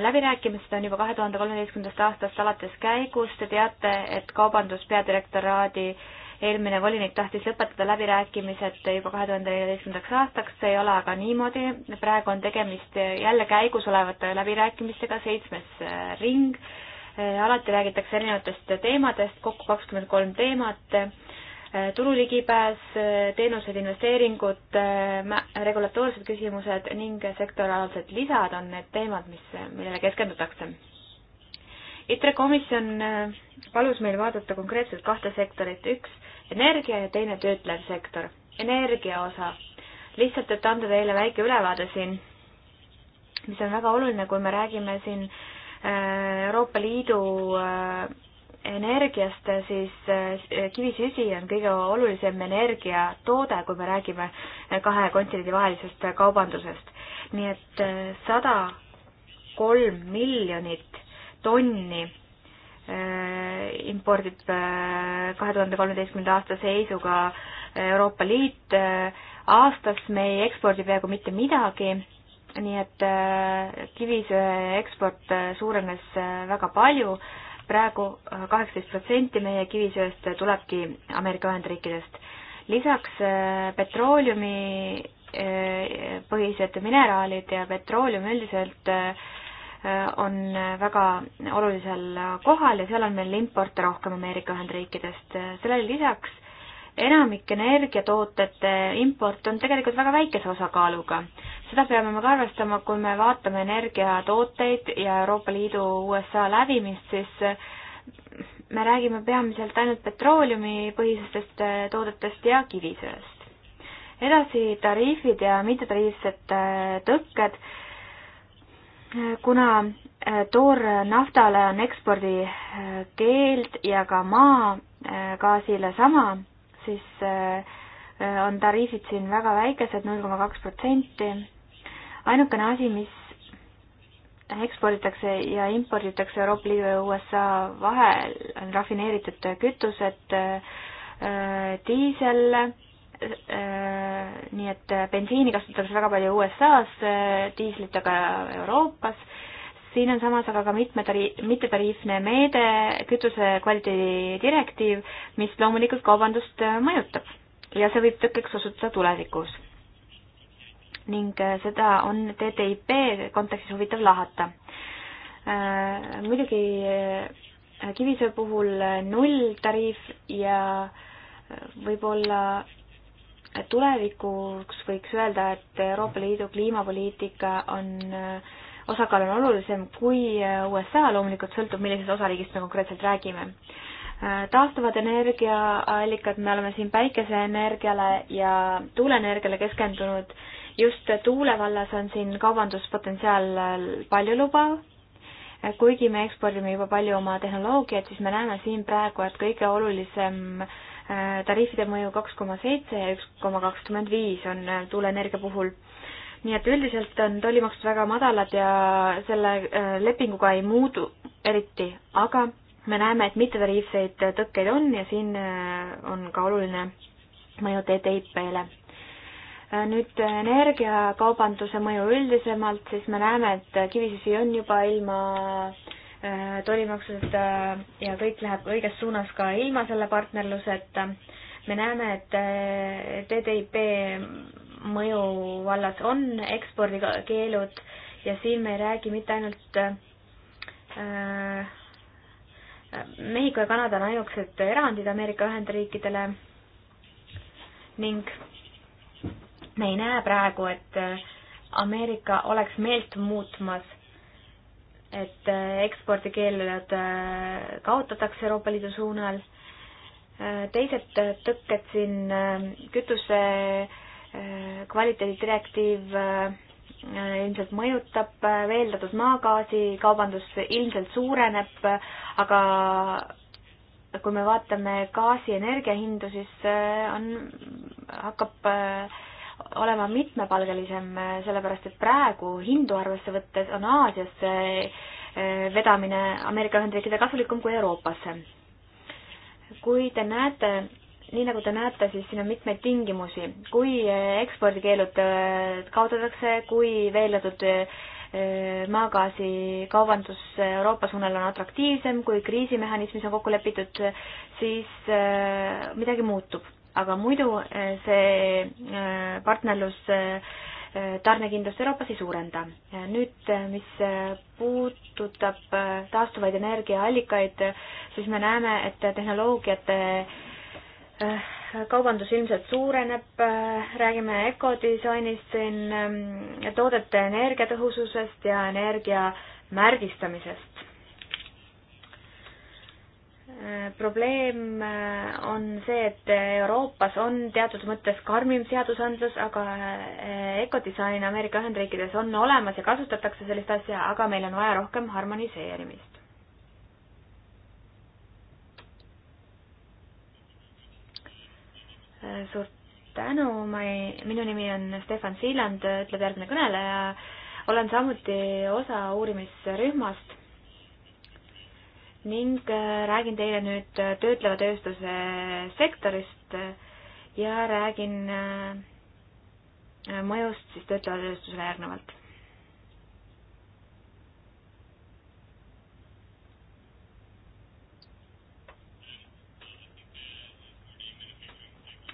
läbirääkimised on juba kahe tuhande kolmeteistkümnendast aastast alates käigus, te teate, et kaubandus peadirektoraadi äh, eelmine volinik tahtis lõpetada läbirääkimised juba kahe tuhande neljateistkümnendaks aastaks, see ei ole aga niimoodi, praegu on tegemist jälle käigusolevate läbirääkimistega, seitsmes ring, alati räägitakse erinevatest teemadest, kokku kakskümmend kolm teemat, turu ligipääs, teenused, investeeringud, regulatoorsed küsimused ning sektoraalsed lisad on need teemad, mis, millele keskendutakse ITRE komisjon palus meil vaadata konkreetselt kahte sektorit. üks energia ja teine töötlev sektor. energia osa. lihtsalt, et anda teile väike ülevaade siin, mis on väga oluline, kui me räägime siin äh, Euroopa Liidu äh, energiast, siis äh, kivisüsi on kõige olulisem energiatoode, kui me räägime kahe kontinendi vahelisest kaubandusest. nii et sada kolm miljonit tonni Äh, impordib äh, kahe tuhande kolmeteistkümnenda aasta seisuga äh, Euroopa Liit. aastas me ei ekspordi peaaegu mitte midagi, nii et kivisöe eksport suurenes väga palju praegu, praegu kaheksateist protsenti meie kivisööst tulebki Ameerika Ühendriikidest. lisaks petrooleumi põhised mineraalid ja petrooleum üldiselt äh, on väga olulisel kohal ja seal on meil importe rohkem Ameerika Ühendriikidest. sellele lisaks enamik energiatootete import on tegelikult väga väikese osakaaluga. seda peame me ka arvestama, kui me vaatame energiatooteid ja Euroopa Liidu USA läbimist, siis me räägime peamiselt ainult petrooleumipõhisestest toodetest ja kivisöest edasi tariifid ja mittetariifsed äh, tõkked kuna äh, toornaftale on ekspordikeeld äh, ja ka maagaasile äh, sama, siis on tariifid siin väga väikesed, null koma kaks protsenti. ainukene asi, mis eksporditakse ja imporditakse Euroopa Liidu ja USA vahel, on rafineeritud kütused, diisel Äh, nii et äh, bensiini kasutatakse väga palju USA-s, äh, diislit aga Euroopas. siin on samas aga ka mitme tari-, mittetariifne meede, kütuse kvaliteedi direktiiv, mis loomulikult kaubandust mõjutab ja see võib tõkkeks osutuda tulevikus. ning seda on TTIP kontekstis huvitav lahata. muidugi kivisöe puhul null tariif ja võib-olla tulevikuks võiks öelda, et Euroopa Liidu kliimapoliitika on, äh, osakaal on olulisem kui äh, USA, loomulikult sõltub, millisest osariigist me konkreetselt räägime. Äh, taastuvad energiaallikad, me oleme siin päikeseenergiale ja tuuleenergiale keskendunud, just tuule vallas on siin kaubanduspotentsiaal paljulubav, kuigi me ekspordime juba palju oma tehnoloogiat, siis me näeme siin praegu, et kõige olulisem äh, Äh, tariifide mõju kaks koma seitse ja üks koma kakskümmend viis on äh, tuuleenergia puhul. nii et üldiselt on tollimaksud väga madalad ja selle äh, lepinguga ei muudu eriti, aga me näeme, et mittetariifseid tõkkeid on ja siin on ka oluline mõju TTIP-le. nüüd energiakaubanduse mõju üldisemalt, siis me näeme, et kivisüsi on juba ilma äh, Äh, tollimaksud äh, ja kõik läheb õiges suunas ka ilma selle partnerluseta. me näeme, et äh, TTIP mõju vallas on ekspordikeelud ja siin me ei räägi mitte ainult Mehhiko ja Kanada on ainukesed erandid Ameerika Ühendriikidele ning me ei näe praegu, et Ameerika oleks meelt muutmas et äh, ekspordikeelud äh, kaotatakse Euroopa Liidu suunal. Äh, teised tõkked siin, kütuse kvaliteedidirektiiv ilmselt mõjutab, veeldatud maagaasi kaubandus ilmselt suureneb, aga kui me vaatame gaasi energiahindu, siis on, hakkab äh, olema mitmepalgelisem, sellepärast et praegu hindu arvesse võttes on Aasiasse eh, vedamine Ameerika Ühendriikide kasulikum kui Euroopasse. kui te näete, nii nagu te näete, siis siin on mitmeid tingimusi, kui eh, ekspordikeelud eh, kaotatakse, kui veeldatud maagaasi kaubandus Euroopa suunal on atraktiivsem, kui kriisimehhanismis on kokku lepitud, siis midagi muutub aga muidu eh, see eh, partnerlus eh, tarnekindlust Euroopas ei suurenda. nüüd, mis puudutab taastuvaid energiaallikaid, siis me näeme, et tehnoloogiate kaubandus ilmselt suureneb, räägime ökodisainist siin, toodete energiatõhususest ja energia märgistamisest Äh, probleem äh, on see, et Euroopas on teatud mõttes karmim seadusandlus, aga ökodisain äh, Ameerika Ühendriikides on olemas ja kasutatakse sellist asja, aga meil on vaja rohkem harmoniseerimist. suur tänu, ma ei, minu nimi on Stefan Siiland, ütleb järgmine kõneleja. olen samuti osa uurimisrühmast ning äh, räägin teile nüüd äh, töötleva tööstuse sektorist äh, ja räägin mõjust siis töötleva tööstusele järgnevalt.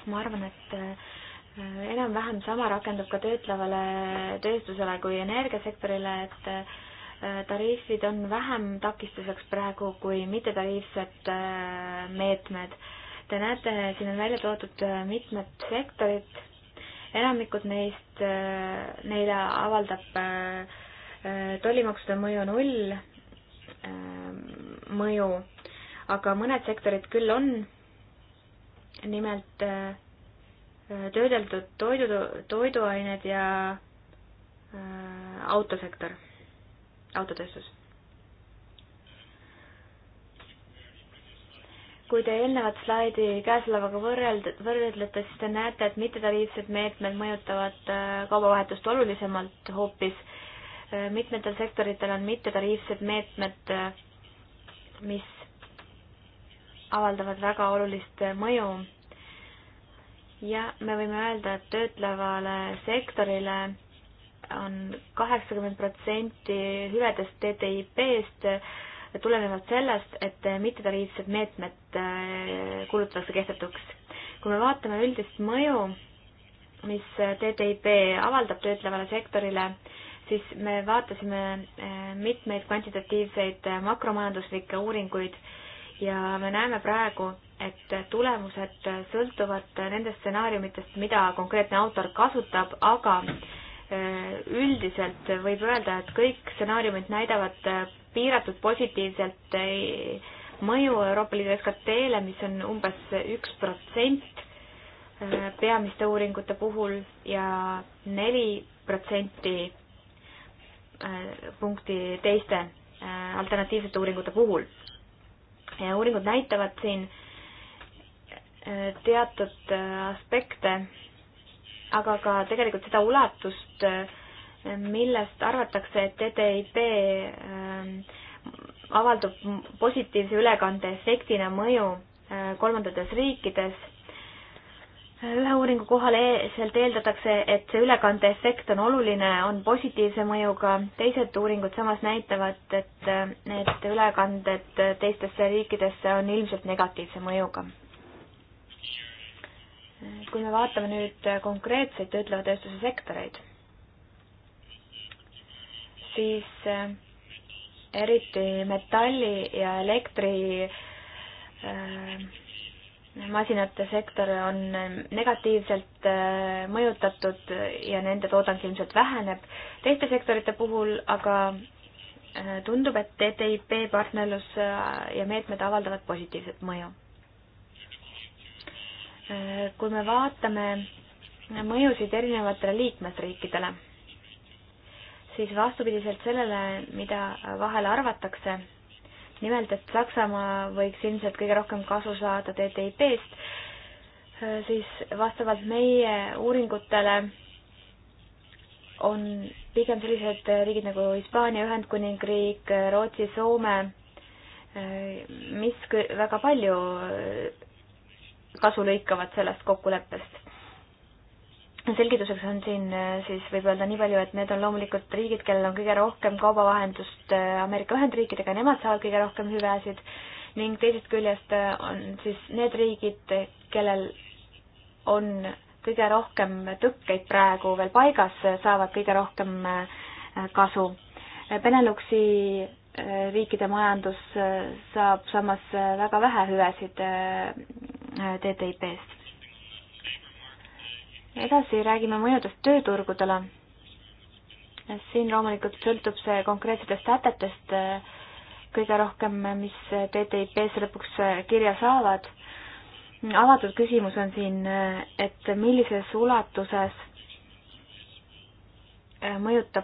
ma arvan, et enam-vähem sama rakendub ka töötlevale tööstusele kui energiasektorile, et Äh, tariifid on vähem takistuseks praegu kui mittetariifsed äh, meetmed. Te näete, siin on välja toodud äh, mitmed sektorid, enamikud neist, neile avaldab tollimaksude mõju null mõju, aga mõned sektorid küll on, nimelt töödeldud toidu, toiduained ja autosektor autotööstus. kui te eelnevat slaidi käesolevaga võrreld-, võrdlete, siis te näete, et mittetariifsed meetmed mõjutavad äh, kaubavahetust olulisemalt hoopis. Äh, mitmetel sektoritel on mittetariifsed meetmed, äh, mis avaldavad väga olulist mõju ja me võime öelda, et töötlevale sektorile on kaheksakümmend protsenti hüvedest TTIP-st tulenevad sellest, et mittetariifsed meetmed äh, kuulutatakse kehtetuks. kui me vaatame üldist mõju, mis TTIP avaldab töötlevale sektorile, siis me vaatasime äh, mitmeid kvantitatiivseid äh, makromajanduslikke uuringuid ja me näeme praegu, et tulemused sõltuvad nendest stsenaariumitest, mida konkreetne autor kasutab, aga üldiselt võib öelda, et kõik stsenaariumid näidavad äh, piiratud positiivselt äh, mõju Euroopa Liidu SKT-le, mis on umbes üks protsent äh, peamiste uuringute puhul ja neli protsenti punkti teiste alternatiivsete uuringute puhul. uuringud näitavad siin teatud aspekte, aga ka tegelikult seda ulatust, millest arvatakse, et TTIP ähm, avaldub positiivse ülekandeefektina mõju äh, kolmandates riikides. ühe uuringu kohaselt eeldatakse, et see ülekandeefekt on oluline, on positiivse mõjuga, teised uuringud samas näitavad, et äh, need ülekanded teistesse riikidesse on ilmselt negatiivse mõjuga äh, kui me vaatame nüüd konkreetseid töötleva tööstuse sektoreid siis äh, eriti metalli ja elektri äh, masinate sektor on äh, negatiivselt mõjutatud ja nende toodang ilmselt väheneb. teiste sektorite puhul aga tundub, et TTIP partnerlus ja meetmed avaldavad positiivset mõju. kui me vaatame mõjusid erinevatele liikmesriikidele siis vastupidiselt sellele, mida vahel arvatakse, nimelt, et Saksamaa võiks ilmselt kõige rohkem kasu saada TTIP-st, siis vastavalt meie uuringutele on pigem sellised riigid nagu Hispaania, Ühendkuningriik, Rootsi, Soome, mis väga palju kasu lõikavad sellest kokkuleppest selgituseks on siin äh, siis võib öelda nii palju, et need on loomulikult riigid, kellel on kõige rohkem kaubavahendust äh, Ameerika Ühendriikidega, nemad saavad kõige rohkem hüvesid ning teisest küljest äh, on siis need riigid, kellel on kõige rohkem tõkkeid praegu veel paigas, saavad kõige rohkem kasu. Beneluxi riikide majandus saab samas väga vähe hüvesid TTIP-st edasi räägime mõjudest tööturgudele. siin loomulikult sõltub see konkreetsetest sätetest eh, kõige rohkem, mis TTIP-s lõpuks eh, kirja saavad. avatud küsimus on siin, eh, et millises ulatuses mõjutab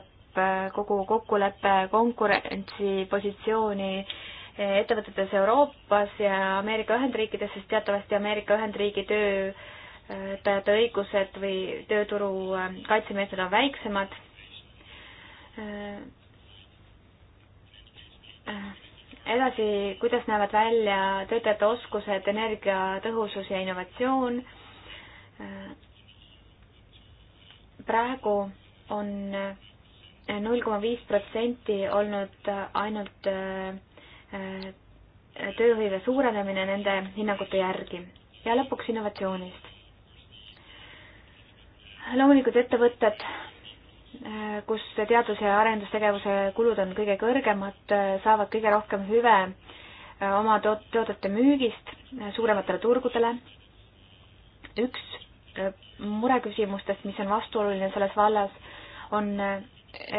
kogu kokkulepe konkurentsipositsiooni ettevõtetes Euroopas ja Ameerika Ühendriikides, sest teatavasti Ameerika Ühendriigi töö töötajate õigused või tööturu äh, kaitsemeetmed on väiksemad. Äh, äh, edasi, kuidas näevad välja töötajate oskused, energiatõhusus ja innovatsioon. praegu on null koma viis protsenti olnud ainult tööhõive suurenemine nende hinnangute järgi ja lõpuks innovatsioonist loomulikult ettevõtted, äh, kus teadus- ja arendustegevuse kulud on kõige kõrgemad, äh, saavad kõige rohkem hüve äh, oma toot-, toodete müügist suurematele turgudele. üks mureküsimustest, mis on vastuoluline selles vallas, on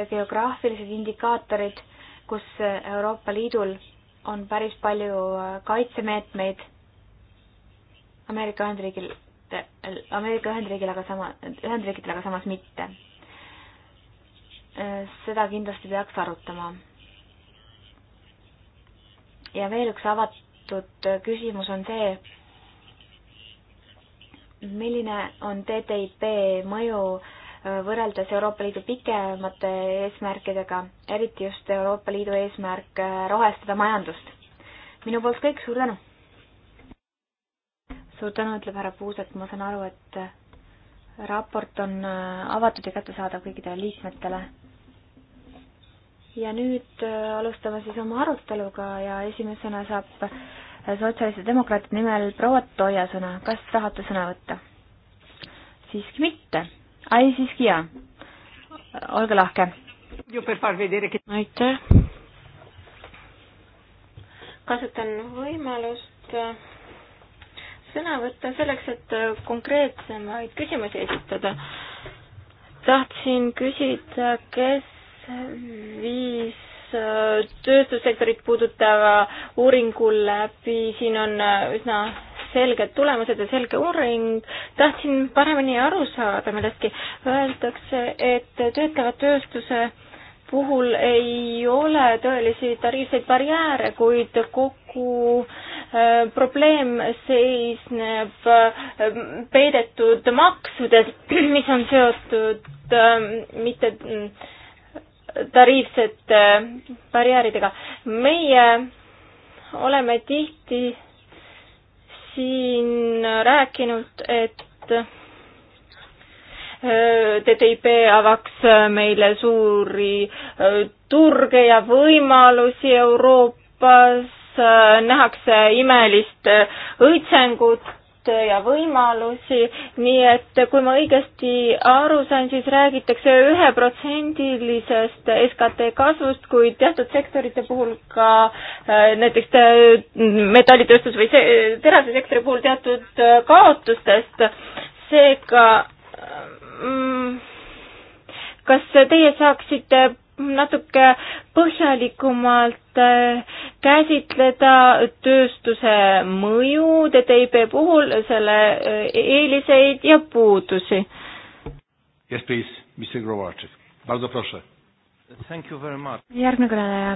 geograafilised indikaatorid, kus Euroopa Liidul on päris palju kaitsemeetmeid Ameerika Ühendriigil Ameerika Ühendriigil aga sama, Ühendriikidel aga samas mitte. Äh, seda kindlasti peaks arutama. ja veel üks avatud küsimus on see, milline on TTIP mõju äh, võrreldes Euroopa Liidu pikemate eesmärkidega, eriti just Euroopa Liidu eesmärk äh, rohestada majandust. minu poolt kõik, suur tänu! suur tänu, ütleb härra Puusek, ma saan aru, et raport on äh, avatud ja kättesaadav kõikidele liikmetele. ja nüüd äh, alustame siis oma aruteluga ja esimesena saab äh, sotsialistide demokraatide nimel proua Toia sõna, kas tahate sõna võtta? siiski mitte. ai, siiski jaa. olge lahke. aitäh. kasutan võimalust sõna võtta selleks, et konkreetsemaid küsimusi esitada. tahtsin küsida, kes viis äh, tööstussektorit puudutava uuringu läbi, siin on äh, üsna selged tulemused ja selge uuring, tahtsin paremini aru saada millestki. Öeldakse, et töötleva tööstuse puhul ei ole tõelisi tariifseid barjääre, kuid kogu äh, probleem seisneb äh, peidetud maksudes, mis on seotud äh, mitte tariifsete barjääridega. meie oleme tihti siin rääkinud, et TTIP avaks meile suuri turge ja võimalusi Euroopas, nähakse imelist õitsengut ja võimalusi, nii et kui ma õigesti aru sain, siis räägitakse üheprotsendilisest SKT kasvust, kuid teatud sektorite puhul ka näiteks metallitööstus või terasesektori puhul teatud kaotustest. seega Mm. kas teie saaksite natuke põhjalikumalt äh, käsitleda tööstuse mõju TTIP puhul, selle äh, eeliseid ja puudusi? Yes, please, Mr Grovatšev, bardzo proszę. Thank you very much. järgmine kõneleja.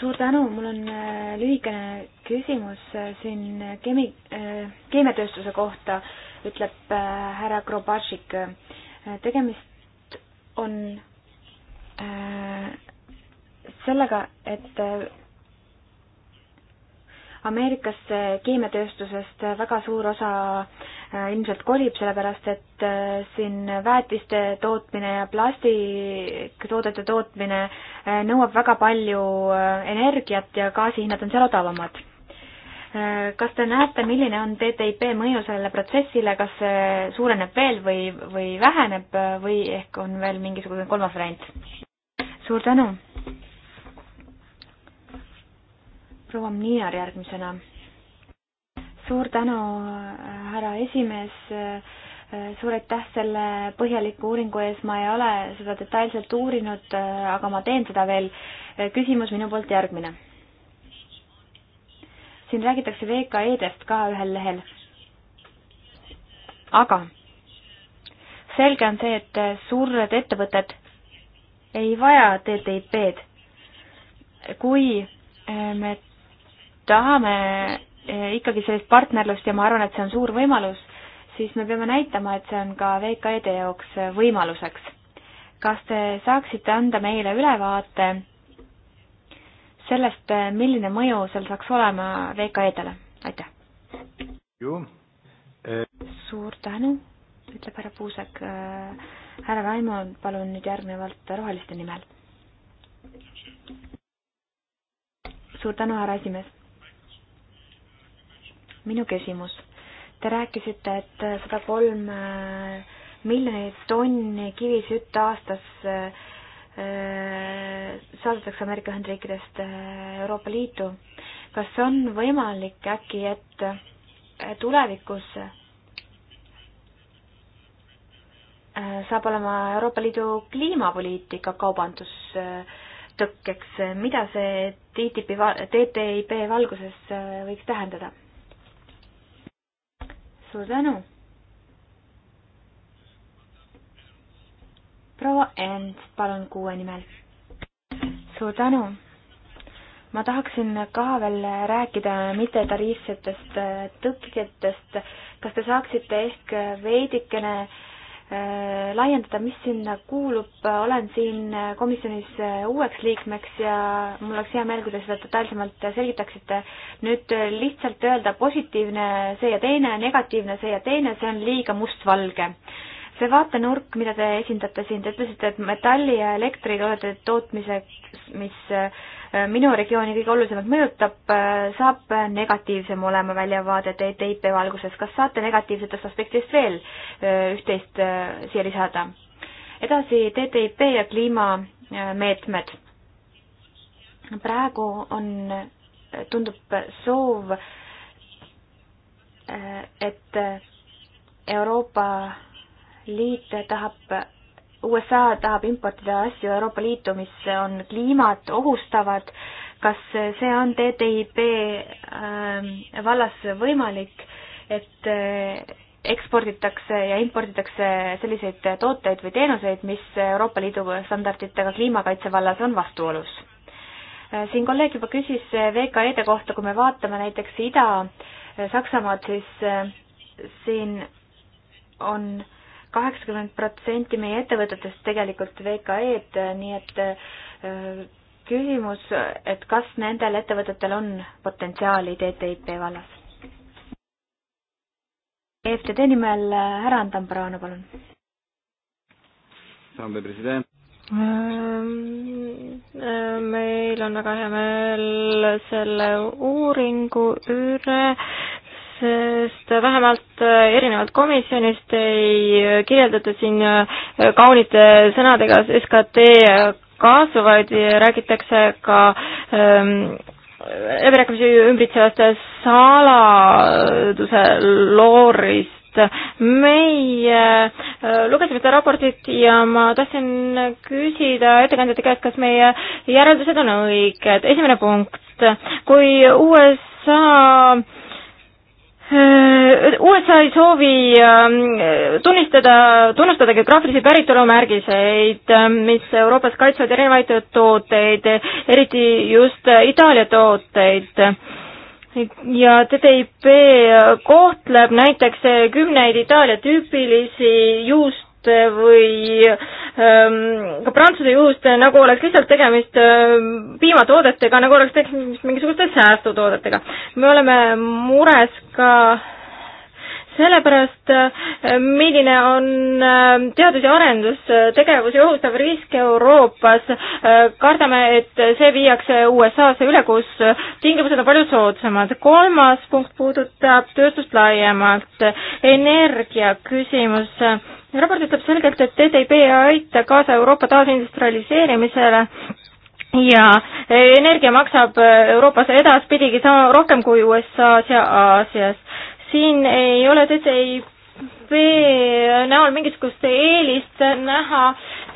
suur tänu, mul on äh, lühikene küsimus siin keemi-, keemiatööstuse kohta ütleb äh, härra Grobaršik. tegemist on äh, sellega, et äh, Ameerikasse keemiatööstusest väga suur osa ilmselt kolib, sellepärast et siin väetiste tootmine ja plastiktoodete tootmine nõuab väga palju energiat ja gaasihinnad on seal odavamad kas te näete, milline on TTIP mõju sellele protsessile, kas see suureneb veel või, või väheneb või ehk on veel mingisugune kolmas variant? suur tänu! proua Mniar järgmisena. suur tänu, härra esimees, suur aitäh selle põhjaliku uuringu ees, ma ei ole seda detailselt uurinud, aga ma teen seda veel. küsimus minu poolt järgmine siin räägitakse VKE-dest ka ühel lehel. aga selge on see, et suured ettevõtted ei vaja TTIP-d. kui eh, me tahame eh, ikkagi sellist partnerlust ja ma arvan, et see on suur võimalus, siis me peame näitama, et see on ka VKE-de jaoks võimaluseks. kas te saaksite anda meile ülevaate sellest, milline mõju seal saaks olema VKE-dele, aitäh! Eh, suur tänu, ütleb härra Puusek. Eh, härra Raimo, palun nüüd järgnevalt Roheliste nimel. suur tänu, härra esimees. minu küsimus. Te rääkisite, et sada kolm eh, miljonit tonni kivisütt aastas äh, Äh, saadetakse Ameerika Ühendriikidest äh, Euroopa Liitu. kas on võimalik äkki, et äh, tulevikus saab olema Euroopa Liidu kliimapoliitika kaubandustõkkeks, mida see TTIP, TTIP valguses võiks tähendada? suur tänu! proua End, palun kuue nimel. suur tänu. ma tahaksin ka veel rääkida mittetariifsetest äh, tõketest. kas te saaksite ehk veidikene äh, laiendada, mis sinna kuulub, olen siin komisjonis äh, uueks liikmeks ja mul oleks hea meel, kui te seda detailsemalt selgitaksite. nüüd lihtsalt öelda positiivne see ja teine, negatiivne see ja teine, see on liiga mustvalge see vaatenurk, mida te esindate siin, te ütlesite, et metalli ja elektri toodete tootmiseks, mis äh, minu regiooni kõige olulisemalt mõjutab, äh, saab negatiivsem olema väljavaade TTIP valguses. kas saate negatiivsetest aspektist veel äh, üht-teist siia lisada? edasi TTIP ja kliimameetmed. praegu on, tundub soov, et Euroopa Liit tahab, USA tahab importida asju Euroopa Liitu, mis on kliimat ohustavad. kas see on TTIP ähm, vallas võimalik, et äh, eksporditakse ja imporditakse selliseid tooteid või teenuseid, mis Euroopa Liidu standarditega kliimakaitse vallas on vastuolus. Äh, siin kolleeg juba küsis äh, VKE-de kohta, kui me vaatame näiteks Ida-Saksamaad, siis siin on kaheksakümmend protsenti meie ettevõtetest tegelikult VKE-d, nii et äh, küsimus, et kas nendel ettevõtetel on potentsiaali TTIP vallas? EFTD nimel äh, härra Anton Barano, palun. Salve, president. Ähm, äh, meil on väga hea meel selle uuringu üle sest vähemalt äh, erinevalt komisjonist ei äh, kirjeldata siin äh, kaunite sõnadega SKT kaasu, vaid räägitakse ka ähm, läbirääkimisi ähm, ümbritsevast saladuse loorist. meie äh, lugesime seda raportit ja ma tahtsin küsida ettekandjate käest, kas meie järeldused on õiged. esimene punkt, kui USA Äh, USA ei soovi ähm, tunnistada, tunnustada geograafilisi päritolumärgiseid, ähm, mis Euroopas kaitsevad erinevaid tooteid, eriti just äh, Itaalia tooteid. ja TTIP kohtleb näiteks äh, kümneid Itaalia tüüpilisi juust-, juhuste või ähm, ka prantsuse juhuste, nagu oleks lihtsalt tegemist ähm, piimatoodetega, nagu oleks tegemist mingisuguste säästutoodetega. me oleme mures ka sellepärast, äh, milline on ähm, teadus- ja arendustegevuse ohustav risk Euroopas. Äh, kardame, et see viiakse USA-sse üle, kus tingimused on palju soodsamad. kolmas punkt puudutab tööstust laiemalt, energia küsimus raport ütleb selgelt, et TTIP ei aita kaasa Euroopa taasindustrialiseerimisele ja energia maksab Euroopas edaspidigi sama, rohkem kui USA-s ja Aasias. siin ei ole TTIP näol mingisugust eelist näha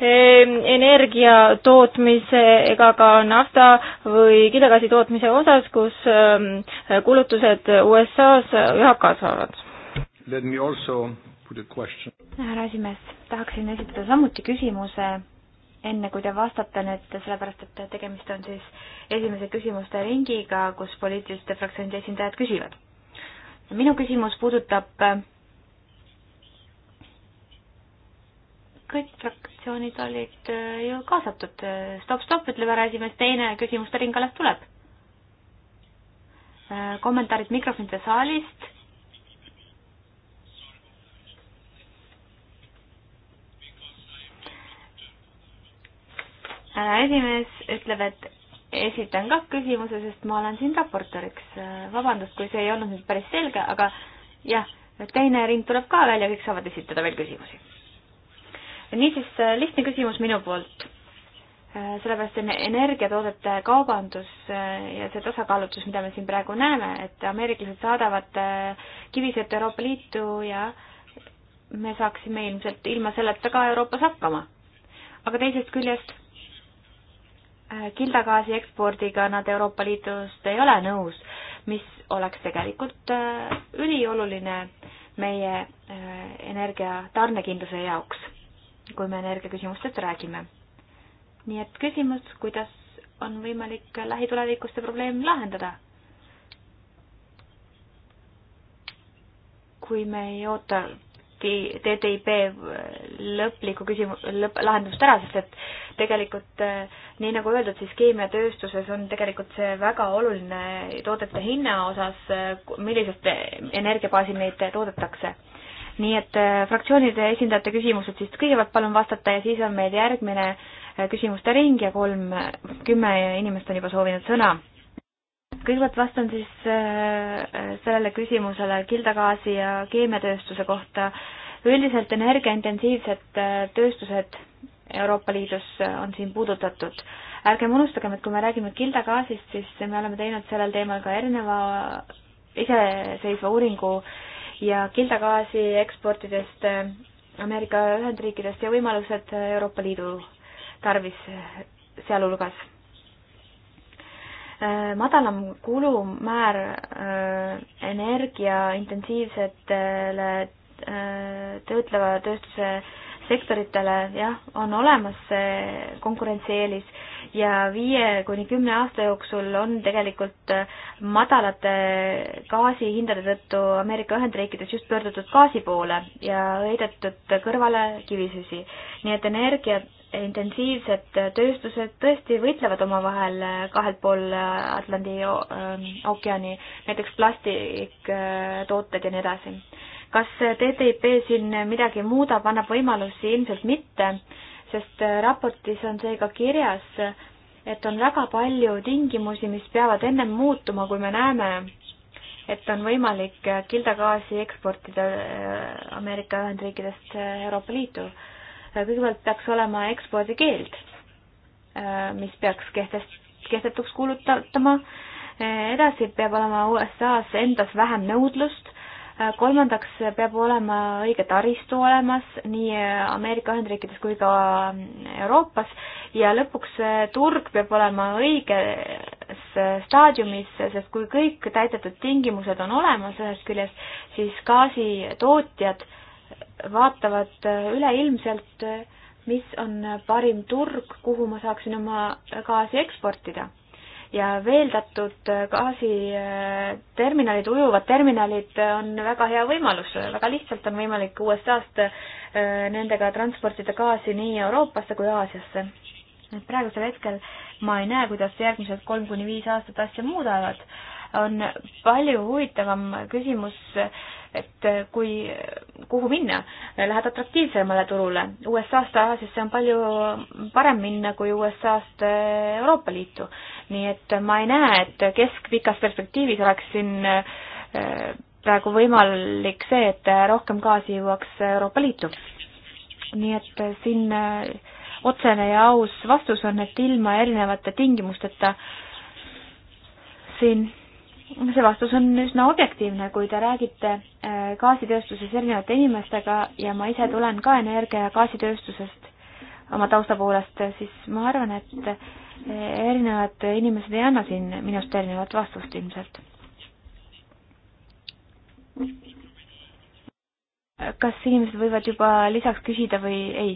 ehm, energia tootmise ega ka nafta või kilekaasi tootmise osas, kus ehm, kulutused USA-s üha kasvavad. Let me also härra esimees, tahaksin esitada samuti küsimuse, enne kui te vastate nüüd, sellepärast et tegemist on siis esimese küsimuste ringiga, kus poliitiliste fraktsioonide esindajad küsivad. minu küsimus puudutab äh, kõik fraktsioonid olid äh, ju kaasatud. stopp, stopp, ütleb härra esimees, teine küsimuste ring alles tuleb. Äh, kommentaarid mikrofonide saalist härra esimees ütleb, et esitan ka küsimuse, sest ma olen siin raportööriks. vabandust, kui see ei olnud nüüd päris selge, aga jah, teine ring tuleb ka välja, kõik saavad esitada veel küsimusi. niisiis, lihtne küsimus minu poolt. sellepärast energiatoodete kaubandus ja see tasakaalutus, mida me siin praegu näeme, et ameeriklased saadavad kivisööta Euroopa Liitu ja me saaksime ilmselt ilma selleta ka Euroopas hakkama. aga teisest küljest Äh, kildagaasi ekspordiga nad Euroopa Liidust ei ole nõus, mis oleks tegelikult äh, ülioluline meie äh, energia tarnekindluse jaoks, kui me energiaküsimustest räägime. nii et küsimus, kuidas on võimalik lähitulevikus see probleem lahendada? kui me ei oota samuti TTIP lõplikku küsimus, lõpp, lahendust ära, sest et tegelikult eh, nii nagu öeldud, siis keemiatööstuses on tegelikult see väga oluline toodete hinna osas, eh, millisest energiabaasil neid toodetakse. nii et eh, fraktsioonide esindajate küsimused siis kõigepealt palun vastata ja siis on meil järgmine küsimuste ring ja kolm, kümme inimest on juba soovinud sõna kõigepealt vastan siis äh, sellele küsimusele kildagaasi ja keemiatööstuse kohta. üldiselt energiaintensiivsed äh, tööstused Euroopa Liidus äh, on siin puudutatud. ärgem unustagem, et kui me räägime kildagaasist, siis me oleme teinud sellel teemal ka erineva iseseisva uuringu ja kildagaasi eksportidest Ameerika Ühendriikidest ja võimalused Euroopa Liidu tarvis sealhulgas Äh, madalam kulumäär äh, energiaintensiivsetele äh, töötleva tööstuse sektoritele, jah, on olemas see konkurentsieelis ja viie kuni kümne aasta jooksul on tegelikult madalate gaasihindade tõttu Ameerika Ühendriikides just pöördutud gaasi poole ja heidetud kõrvale kivisüsi. nii et energia intensiivsed tööstused tõesti võitlevad omavahel äh, kahelt pool äh, Atlandi ähm, ookeani, näiteks plastiktooted äh, ja nii edasi. kas TTIP siin midagi muudab, annab võimalusi, ilmselt mitte, sest raportis on see ka kirjas, et on väga palju tingimusi, mis peavad ennem muutuma, kui me näeme, et on võimalik kildagaasi eksportida Ameerika Ühendriikidest Euroopa Liitu kõigepealt peaks olema ekspordikeeld, äh, mis peaks kehtest-, kehtetuks kuulutama, äh, edasi peab olema USA-s endas vähem nõudlust, äh, kolmandaks peab olema õige taristu olemas nii Ameerika Ühendriikides kui ka Euroopas ja lõpuks turg peab olema õiges staadiumis, sest kui kõik täidetud tingimused on olemas ühest küljest, siis gaasitootjad äh, vaatavad üleilmselt, mis on parim turg, kuhu ma saaksin oma gaasi eksportida. ja veeldatud gaasiterminalid, äh, ujuvad terminalid on väga hea võimalus, väga lihtsalt on võimalik USA-st äh, nendega transportida gaasi nii Euroopasse kui Aasiasse. et praegusel hetkel ma ei näe, kuidas järgmised kolm kuni viis aastat asja muudavad on palju huvitavam küsimus, et kui, kuhu minna, lähed atraktiivsemale turule. USA-st Aasiasse on palju parem minna kui USA-st Euroopa Liitu. nii et ma ei näe, et keskpikas perspektiivis oleks siin eh, praegu võimalik see, et rohkem gaasi jõuaks Euroopa Liitu. nii et siin eh, otsene ja aus vastus on, et ilma erinevate tingimusteta siin see vastus on üsna objektiivne, kui te räägite äh, gaasitööstuses erinevate inimestega ja ma ise tulen ka energia- ja gaasitööstusest oma tausta poolest, siis ma arvan, et äh, erinevad inimesed ei anna siin minust erinevat vastust ilmselt. kas inimesed võivad juba lisaks küsida või ei?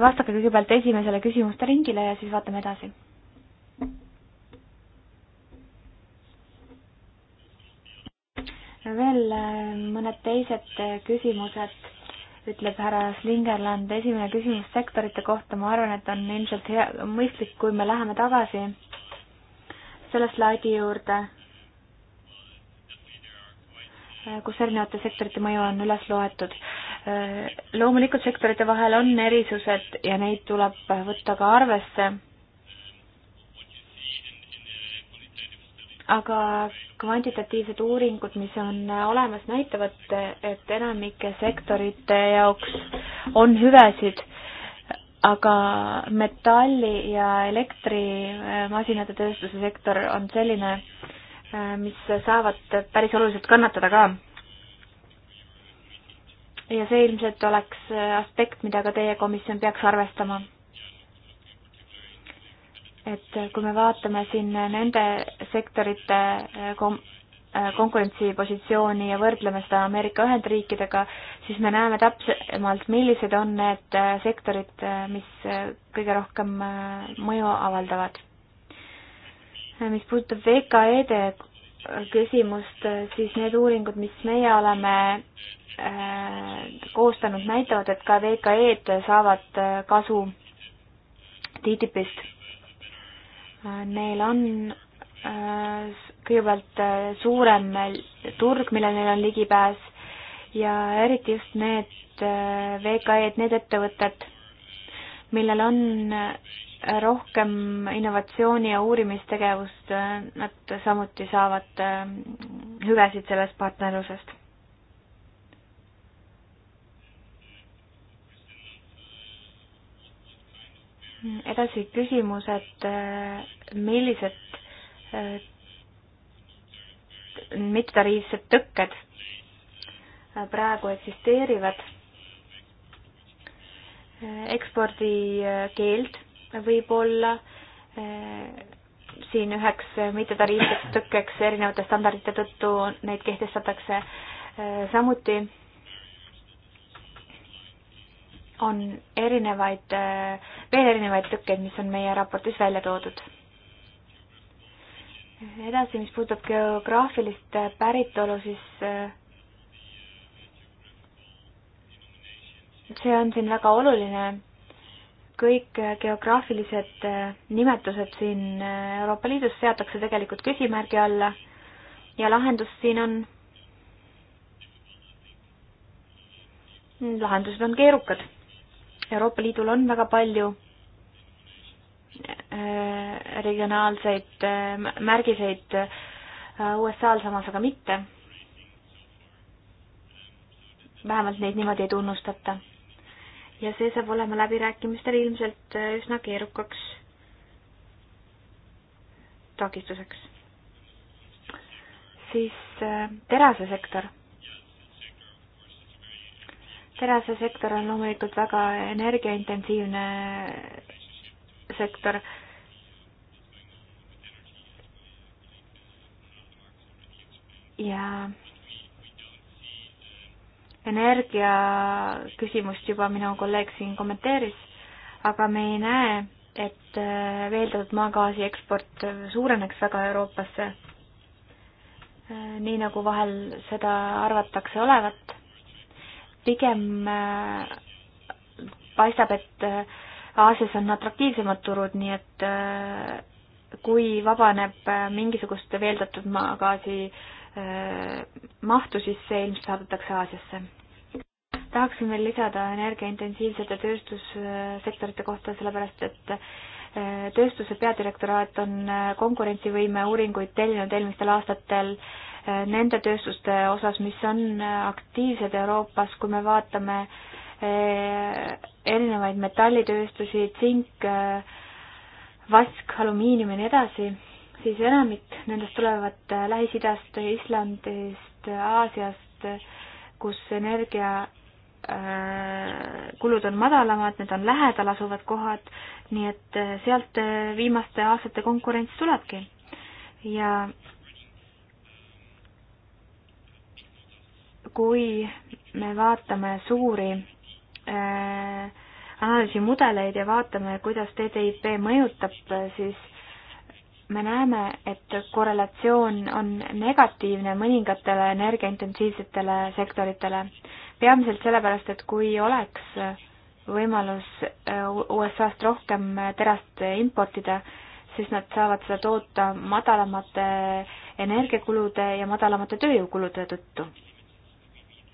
vastake kõigepealt esimesele küsimuste ringile ja siis vaatame edasi veel äh, mõned teised äh, küsimused, ütleb härra Slingerland. esimene küsimus sektorite kohta, ma arvan, et on ilmselt hea, mõistlik, kui me läheme tagasi selle slaidi juurde, äh, kus erinevate sektorite mõju on üles loetud. loomulikult sektorite vahel on erisused ja neid tuleb võtta ka arvesse aga kvantitatiivsed uuringud, mis on olemas, näitavad, et enamike sektorite jaoks on hüvesid, aga metalli- ja elektrimasinate tööstuse sektor on selline, mis saavad päris oluliselt kannatada ka. ja see ilmselt oleks aspekt, mida ka teie komisjon peaks arvestama et kui me vaatame siin nende sektorite eh, kom-, eh, konkurentsipositsiooni ja võrdleme seda Ameerika Ühendriikidega, siis me näeme täpsemalt, millised on need eh, sektorid, mis kõige rohkem mõju avaldavad. mis puudutab VKE-de küsimust, siis need uuringud, mis meie oleme koostanud, näitavad, et ka VKE-d saavad kasu TTIP-ist Neil on äh, kõigepealt äh, suurem turg, millele neil on ligipääs ja eriti just need äh, VKE-d, need ettevõtted, millel on rohkem innovatsiooni ja uurimistegevust, nad samuti saavad hüvesid sellest partnerlusest edasi küsimus, et äh, millised äh, mittetariifsed tõkked äh, praegu eksisteerivad. ekspordikeeld võib olla siin üheks mittetariifseks tõkkeks erinevate standardite tõttu, neid kehtestatakse samuti on erinevaid, veel erinevaid tõkkeid, mis on meie raportis välja toodud. edasi, mis puudutab geograafilist päritolu, siis äh, see on siin väga oluline. kõik geograafilised äh, nimetused siin äh, Euroopa Liidus seatakse tegelikult küsimärgi alla ja lahendus siin on lahendused on keerukad Euroopa Liidul on väga palju äh, regionaalseid äh, märgiseid, äh, USA-l samas aga mitte. vähemalt neid niimoodi ei tunnustata. ja see saab olema läbirääkimistel ilmselt üsna keerukaks takistuseks. siis terasesektor terasesektor on loomulikult väga energiaintensiivne sektor. ja energia küsimust juba minu kolleeg siin kommenteeris, aga me ei näe, et äh, veeldatud maagaasi eksport suureneks väga Euroopasse, äh, nii nagu vahel seda arvatakse olevat pigem äh, paistab, et äh, Aasias on atraktiivsemad turud, nii et äh, kui vabaneb mingisugust veeldatud maagaasi mahtu, siis see ilmselt saadetakse Aasiasse. tahaksin veel lisada energiaintensiivsete tööstussektorite kohta, sellepärast et tööstuse peadirektoraat on äh, konkurentsivõime uuringuid tellinud eelmistel aastatel äh, nende tööstuste osas, mis on äh, aktiivsed Euroopas, kui me vaatame erinevaid metallitööstusi, tsink, vask, alumiinium ja nii edasi, siis enamik nendest tulevad Lähis-Idast, Islandist, Aasiast, kus energia Äh, kulud on madalamad, need on lähedal asuvad kohad, nii et äh, sealt äh, viimaste aastate konkurents tulebki. ja kui me vaatame suuri äh, analüüsimudeleid ja vaatame, kuidas TTIP mõjutab, siis me näeme, et korrelatsioon on negatiivne mõningatele energiaintensiivsetele sektoritele. peamiselt sellepärast, et kui oleks võimalus äh, USA-st rohkem terast importida, siis nad saavad seda toota madalamate energiakulude ja madalamate tööjõukulude tõttu.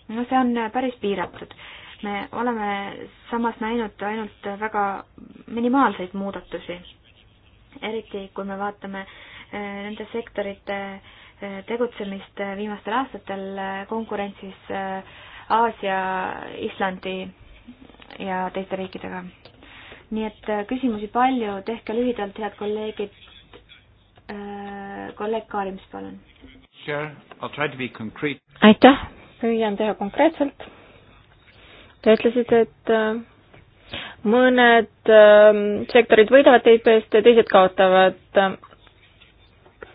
no see on päris piiratud. me oleme samas näinud ainult väga minimaalseid muudatusi eriti kui me vaatame eh, nende sektorite eh, tegutsemist eh, viimastel aastatel konkurentsis Aasia, Islandi ja teiste riikidega. nii et küsimusi palju, tehke lühidalt, head kolleegid. kolleeg Kaarims, palun. aitäh, püüan teha konkreetselt. Te ütlesite, et mõned ähm, sektorid võidavad TIP-st e ja teised kaotavad.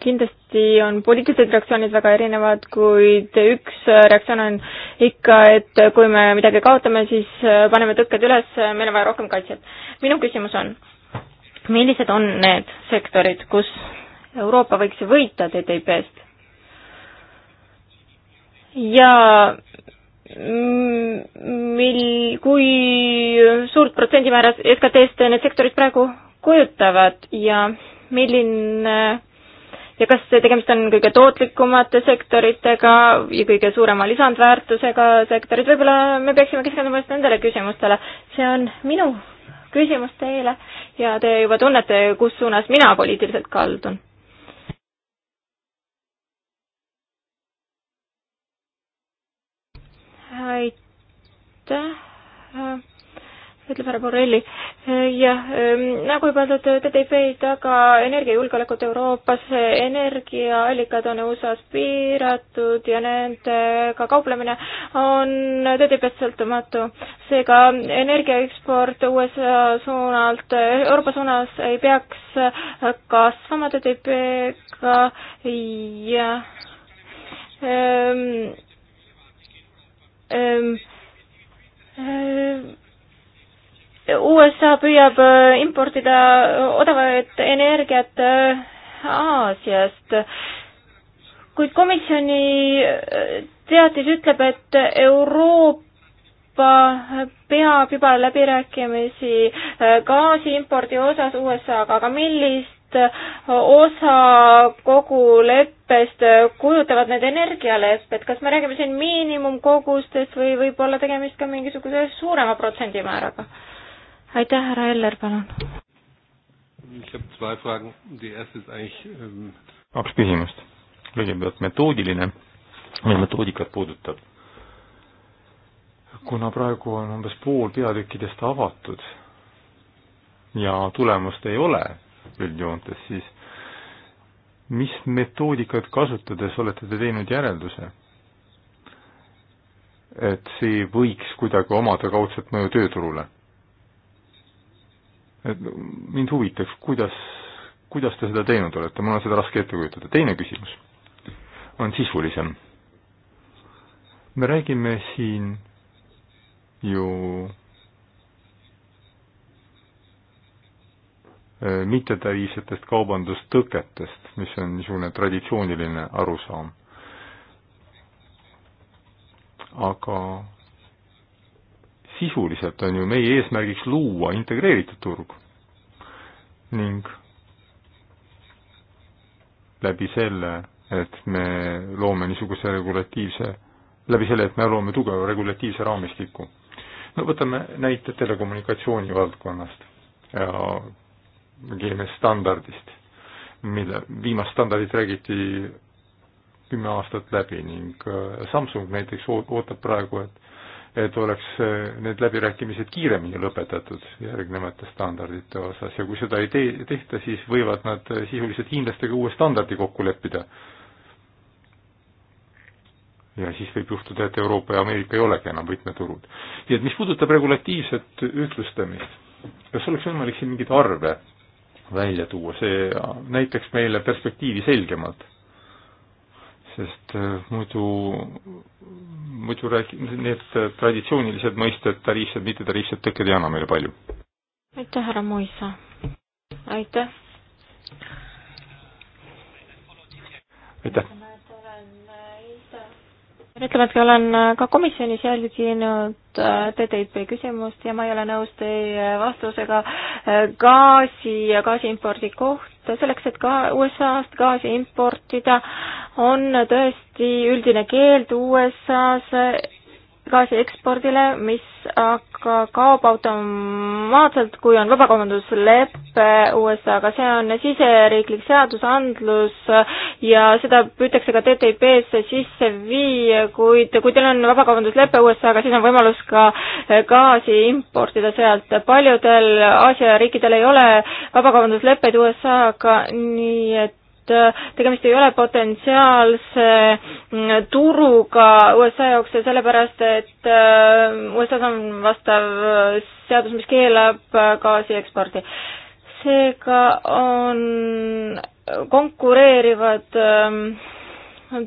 kindlasti on poliitilised reaktsioonid väga erinevad, kuid üks reaktsioon on ikka, et kui me midagi kaotame, siis äh, paneme tõkked üles, meil on vaja rohkem kaitset. minu küsimus on, millised on need sektorid, kus Euroopa võiks võita TTIP-st? ja mil, kui suurt protsendimäära SKT-st need sektorid praegu kujutavad ja milline ja kas tegemist on kõige tootlikumate sektoritega ja kõige suurema lisandväärtusega sektorid, võib-olla me peaksime keskenduma just nendele küsimustele. see on minu küsimus teile ja te juba tunnete, kus suunas mina poliitiliselt kaldun. aitäh, ütleb härra Borrelli. jah, ehm, nagu juba öeldud, TTIP ei taga energiajulgeolekut Euroopas, energiaallikad on USA-s piiratud ja nendega kauplemine on TTIP-st sõltumatu. seega energiaeksport USA suunalt, Euroopa suunas ei peaks kasvama TTIP-ga ja ähm, Ehm, ehm, USA püüab äh, importida äh, odavat energiat äh, Aasiast, kuid komisjoni teatis ütleb, et Euroopa peab juba läbirääkimisi gaasi impordi osas USA-ga, aga millist osa kogu leppest kujutavad need energialepped, kas me räägime siin miinimumkogustest või võib olla tegemist ka mingisuguse suurema protsendimääraga? aitäh, härra Eller, palun. Ähm, kaks küsimust. kõigepealt metoodiline, mis metoodikat puudutab. kuna praegu on umbes pool peatükkidest avatud ja tulemust ei ole, üldjoontes, siis mis metoodikat kasutades olete te teinud järelduse, et see võiks kuidagi omada kaudset mõju tööturule? et mind huvitaks, kuidas, kuidas te seda teinud olete, mul on seda raske ette kujutada. teine küsimus on sisulisem. me räägime siin ju Äh, mittetariifsetest kaubandustõketest, mis on niisugune traditsiooniline arusaam. aga sisuliselt on ju meie eesmärgiks luua integreeritud turg ning läbi selle, et me loome niisuguse regulatiivse, läbi selle, et me loome tugeva regulatiivse raamistiku. no võtame näite telekommunikatsiooni valdkonnast ja GMS standardist, mille, viimast standardit räägiti kümme aastat läbi ning äh, Samsung näiteks ootab praegu, et et oleks äh, need läbirääkimised kiiremini lõpetatud järgnevate standardite osas ja kui seda ei tee, tehta, siis võivad nad äh, sisuliselt hiinlastega uue standardi kokku leppida. ja siis võib juhtuda, et Euroopa ja Ameerika ei olegi enam võtmeturud. nii et mis puudutab regulatiivset ühtlustamist, kas oleks võimalik siin mingeid arve välja tuua, see näitaks meile perspektiivi selgemalt. sest äh, muidu, muidu räägi-, need traditsioonilised mõisted, tariifsed, mittetariifsed tõkked ei anna meile palju. aitäh, härra Moisa! aitäh! aitäh! pean ütlema, et olen äh, ka komisjonis jälginud äh, TTIP küsimust ja ma ei ole nõus teie vastusega äh, gaasi ja gaasiimpordi kohta. selleks, et ka USA-st gaasi importida, on tõesti üldine keeld USA-s gaasi ekspordile, mis aga kaob automaatselt, kui on vabakaubanduslepe USA-ga, see on siseriiklik seadusandlus ja seda püütakse ka TTIP-sse sisse viia, kuid kui teil on vabakaubanduslepe USA-ga, siis on võimalus ka gaasi importida sealt. paljudel Aasia riikidel ei ole vabakaubandusleppeid USA-ga, nii et Äh, tegemist ei ole potentsiaalse mm, turuga USA jaoks ja sellepärast, et äh, USA-s on vastav äh, seadus, mis keelab gaasi ekspordi. seega on, konkureerivad ähm,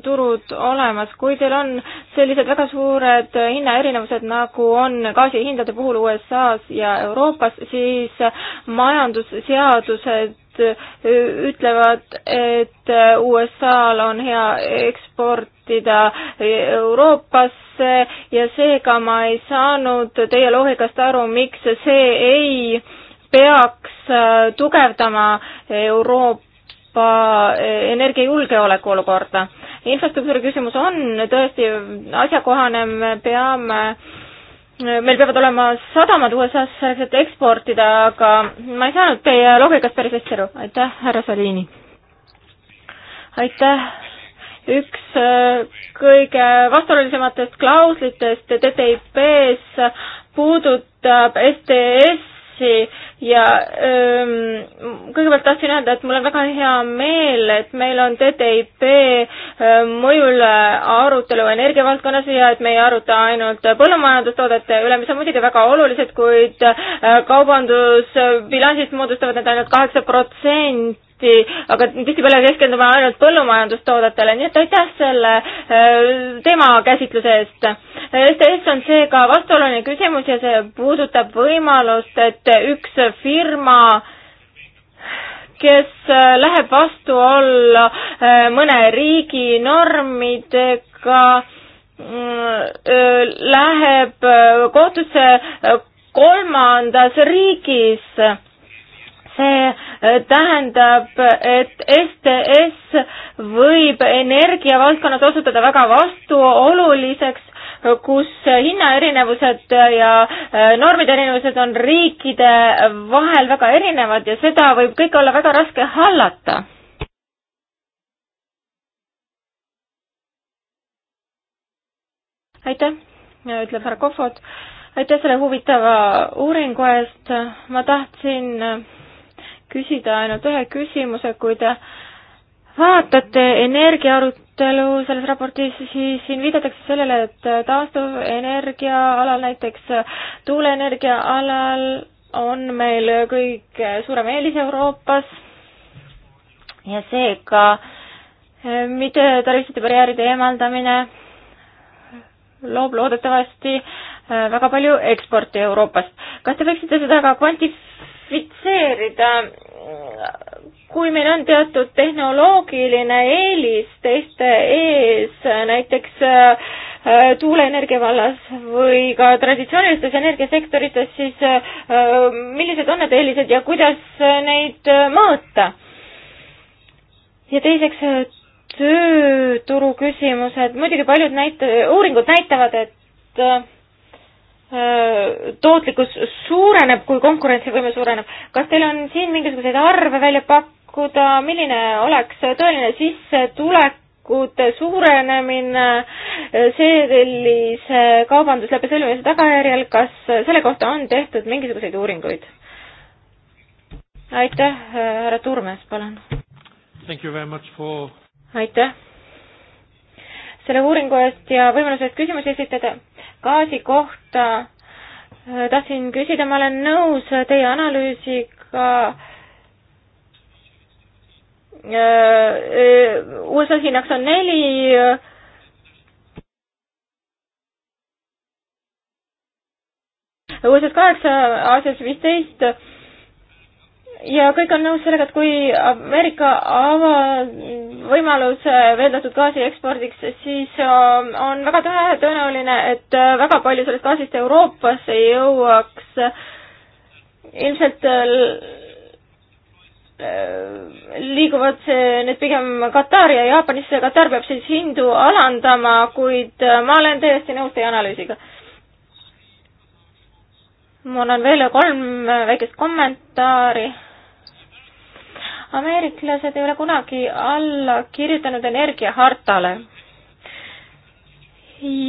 turud olemas, kui teil on sellised väga suured hinnaerinevused, nagu on gaasihindade puhul USA-s ja Euroopas, siis majandusseadused Äh, ütlevad, et äh, USA-l on hea eksportida äh, Euroopasse ja seega ma ei saanud teie loogikast aru, miks see ei peaks tugevdama Euroopa energiajulgeoleku olukorda. infrastruktuuri küsimus on tõesti asjakohane, me peame äh, meil peavad olema sadamad USA-s selleks, et eksportida, aga ma ei saanud teie loogikast päris hästi aru. aitäh, härra Salini. aitäh. üks äh, kõige vastuolulisematest klauslitest TTIP-s puudutab STS edasi ja ähm, kõigepealt tahtsin öelda, et mul on väga hea meel, et meil on TTIP ähm, mõjul arutelu energiavaldkonnas ja et me ei aruta ainult põllumajandustoodete üle, mis on muidugi väga olulised, kuid äh, kaubandusbilansist moodustavad need ainult kaheksa protsenti hästi, aga tihtipeale keskendume ainult põllumajandustoodetele, nii et aitäh selle äh, teema käsitluse eest. STS on seega vastuoluline küsimus ja see puudutab võimalust, et üks firma kes äh, läheb vastu olla äh, mõne riigi normidega, läheb kohtusse kolmandas riigis see eh, tähendab, et STS võib energiavaldkonnas osutuda väga vastuoluliseks, kus hinnaerinevused ja eh, normide erinevused on riikide vahel väga erinevad ja seda võib kõike olla väga raske hallata aitäh, ütleb härra Kohvot. aitäh selle huvitava uuringu eest. ma tahtsin eh, küsida ainult ühe küsimuse, kui te vaatate energiaarutelu selles raportis, siis siin viidatakse sellele, et taastuvenergia alal, näiteks tuuleenergia alal on meil kõige suurem eelis Euroopas ja seega eh, mittetariifsete barjääride eemaldamine loob loodetavasti eh, väga palju eksporti Euroopast. kas te võiksite seda ka kvantif-, sertifitseerida. kui meil on teatud tehnoloogiline eelis teiste ees, näiteks äh, tuuleenergia vallas või ka traditsioonilistes energiasektorites, siis äh, millised on need eelised ja kuidas neid äh, mõõta? ja teiseks tööturu küsimused, muidugi paljud näit-, uuringud näitavad, et Äh, tootlikkus suureneb, kui konkurentsivõime suureneb. kas teil on siin mingisuguseid arve välja pakkuda, milline oleks tõeline sissetulekute suurenemine äh, sellise kaubandusleppe sõlmimise tagajärjel, kas selle kohta on tehtud mingisuguseid uuringuid? aitäh, äh, härra Turmes, palun. For... aitäh selle uuringu eest ja võimaluse eest küsimusi esitada gaasi kohta tahtsin küsida, ma olen nõus teie analüüsiga USA-s hinnaks on neli USA-s kaheksa, Aasias viisteist ja kõik on nõus sellega, et kui Ameerika avab võimaluse veeldatud gaasi ekspordiks, siis ähm, on väga tõenäoline, et äh, väga palju sellest gaasist Euroopasse jõuaks ilmselt äh, liiguvad see nüüd pigem Katari ja Jaapanisse, Katar peab siis hindu alandama, kuid äh, ma olen täiesti nõus teie analüüsiga mul on veel kolm väikest kommentaari ameeriklased ei ole kunagi alla kirjutanud energiahartale.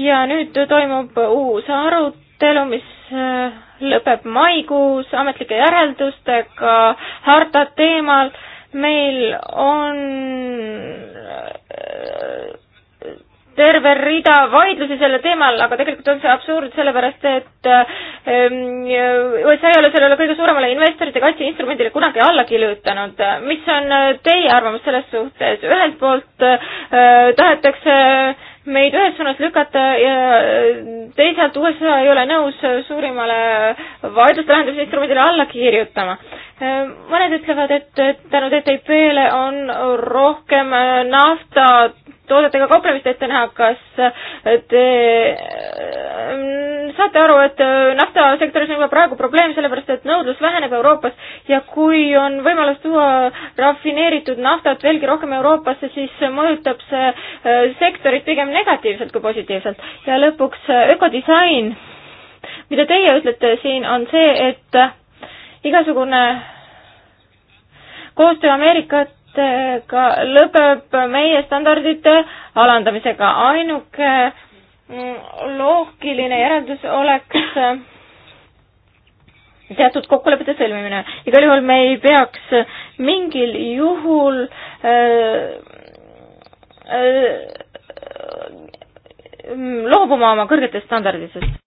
ja nüüd toimub uus arutelu, mis äh, lõpeb maikuus ametlike järeldustega harta teemal. meil on äh, terve rida vaidlusi sellel teemal, aga tegelikult on see absurd, sellepärast et ähm, USA ei ole sellele kõige suuremale investorite kaitseinstrumendile kunagi alla kirjutanud. mis on äh, teie arvamus selles suhtes? ühelt poolt äh, tahetakse meid ühes suunas lükata ja äh, teisalt USA ei ole nõus suurimale vaidluste lahendamise instrumendile alla kirjutama. mõned ütlevad, et tänu TTIP-le on rohkem naftat toodetega kauplemist ette näha, kas te mm, saate aru, et äh, naftasektoris on juba praegu probleem, sellepärast et nõudlus väheneb Euroopas ja kui on võimalus tuua rafineeritud naftat veelgi rohkem Euroopasse, siis mõjutab see äh, sektorit pigem negatiivselt kui positiivselt. ja lõpuks äh, ökodisain, mida teie ütlete siin, on see, et igasugune koostöö Ameerikat ka lõpeb meie standardite alandamisega. ainuke mm, loogiline järeldus oleks teatud kokkulepete sõlmimine. igal juhul me ei peaks mingil juhul äh, äh, loobuma oma kõrgetest standarditest.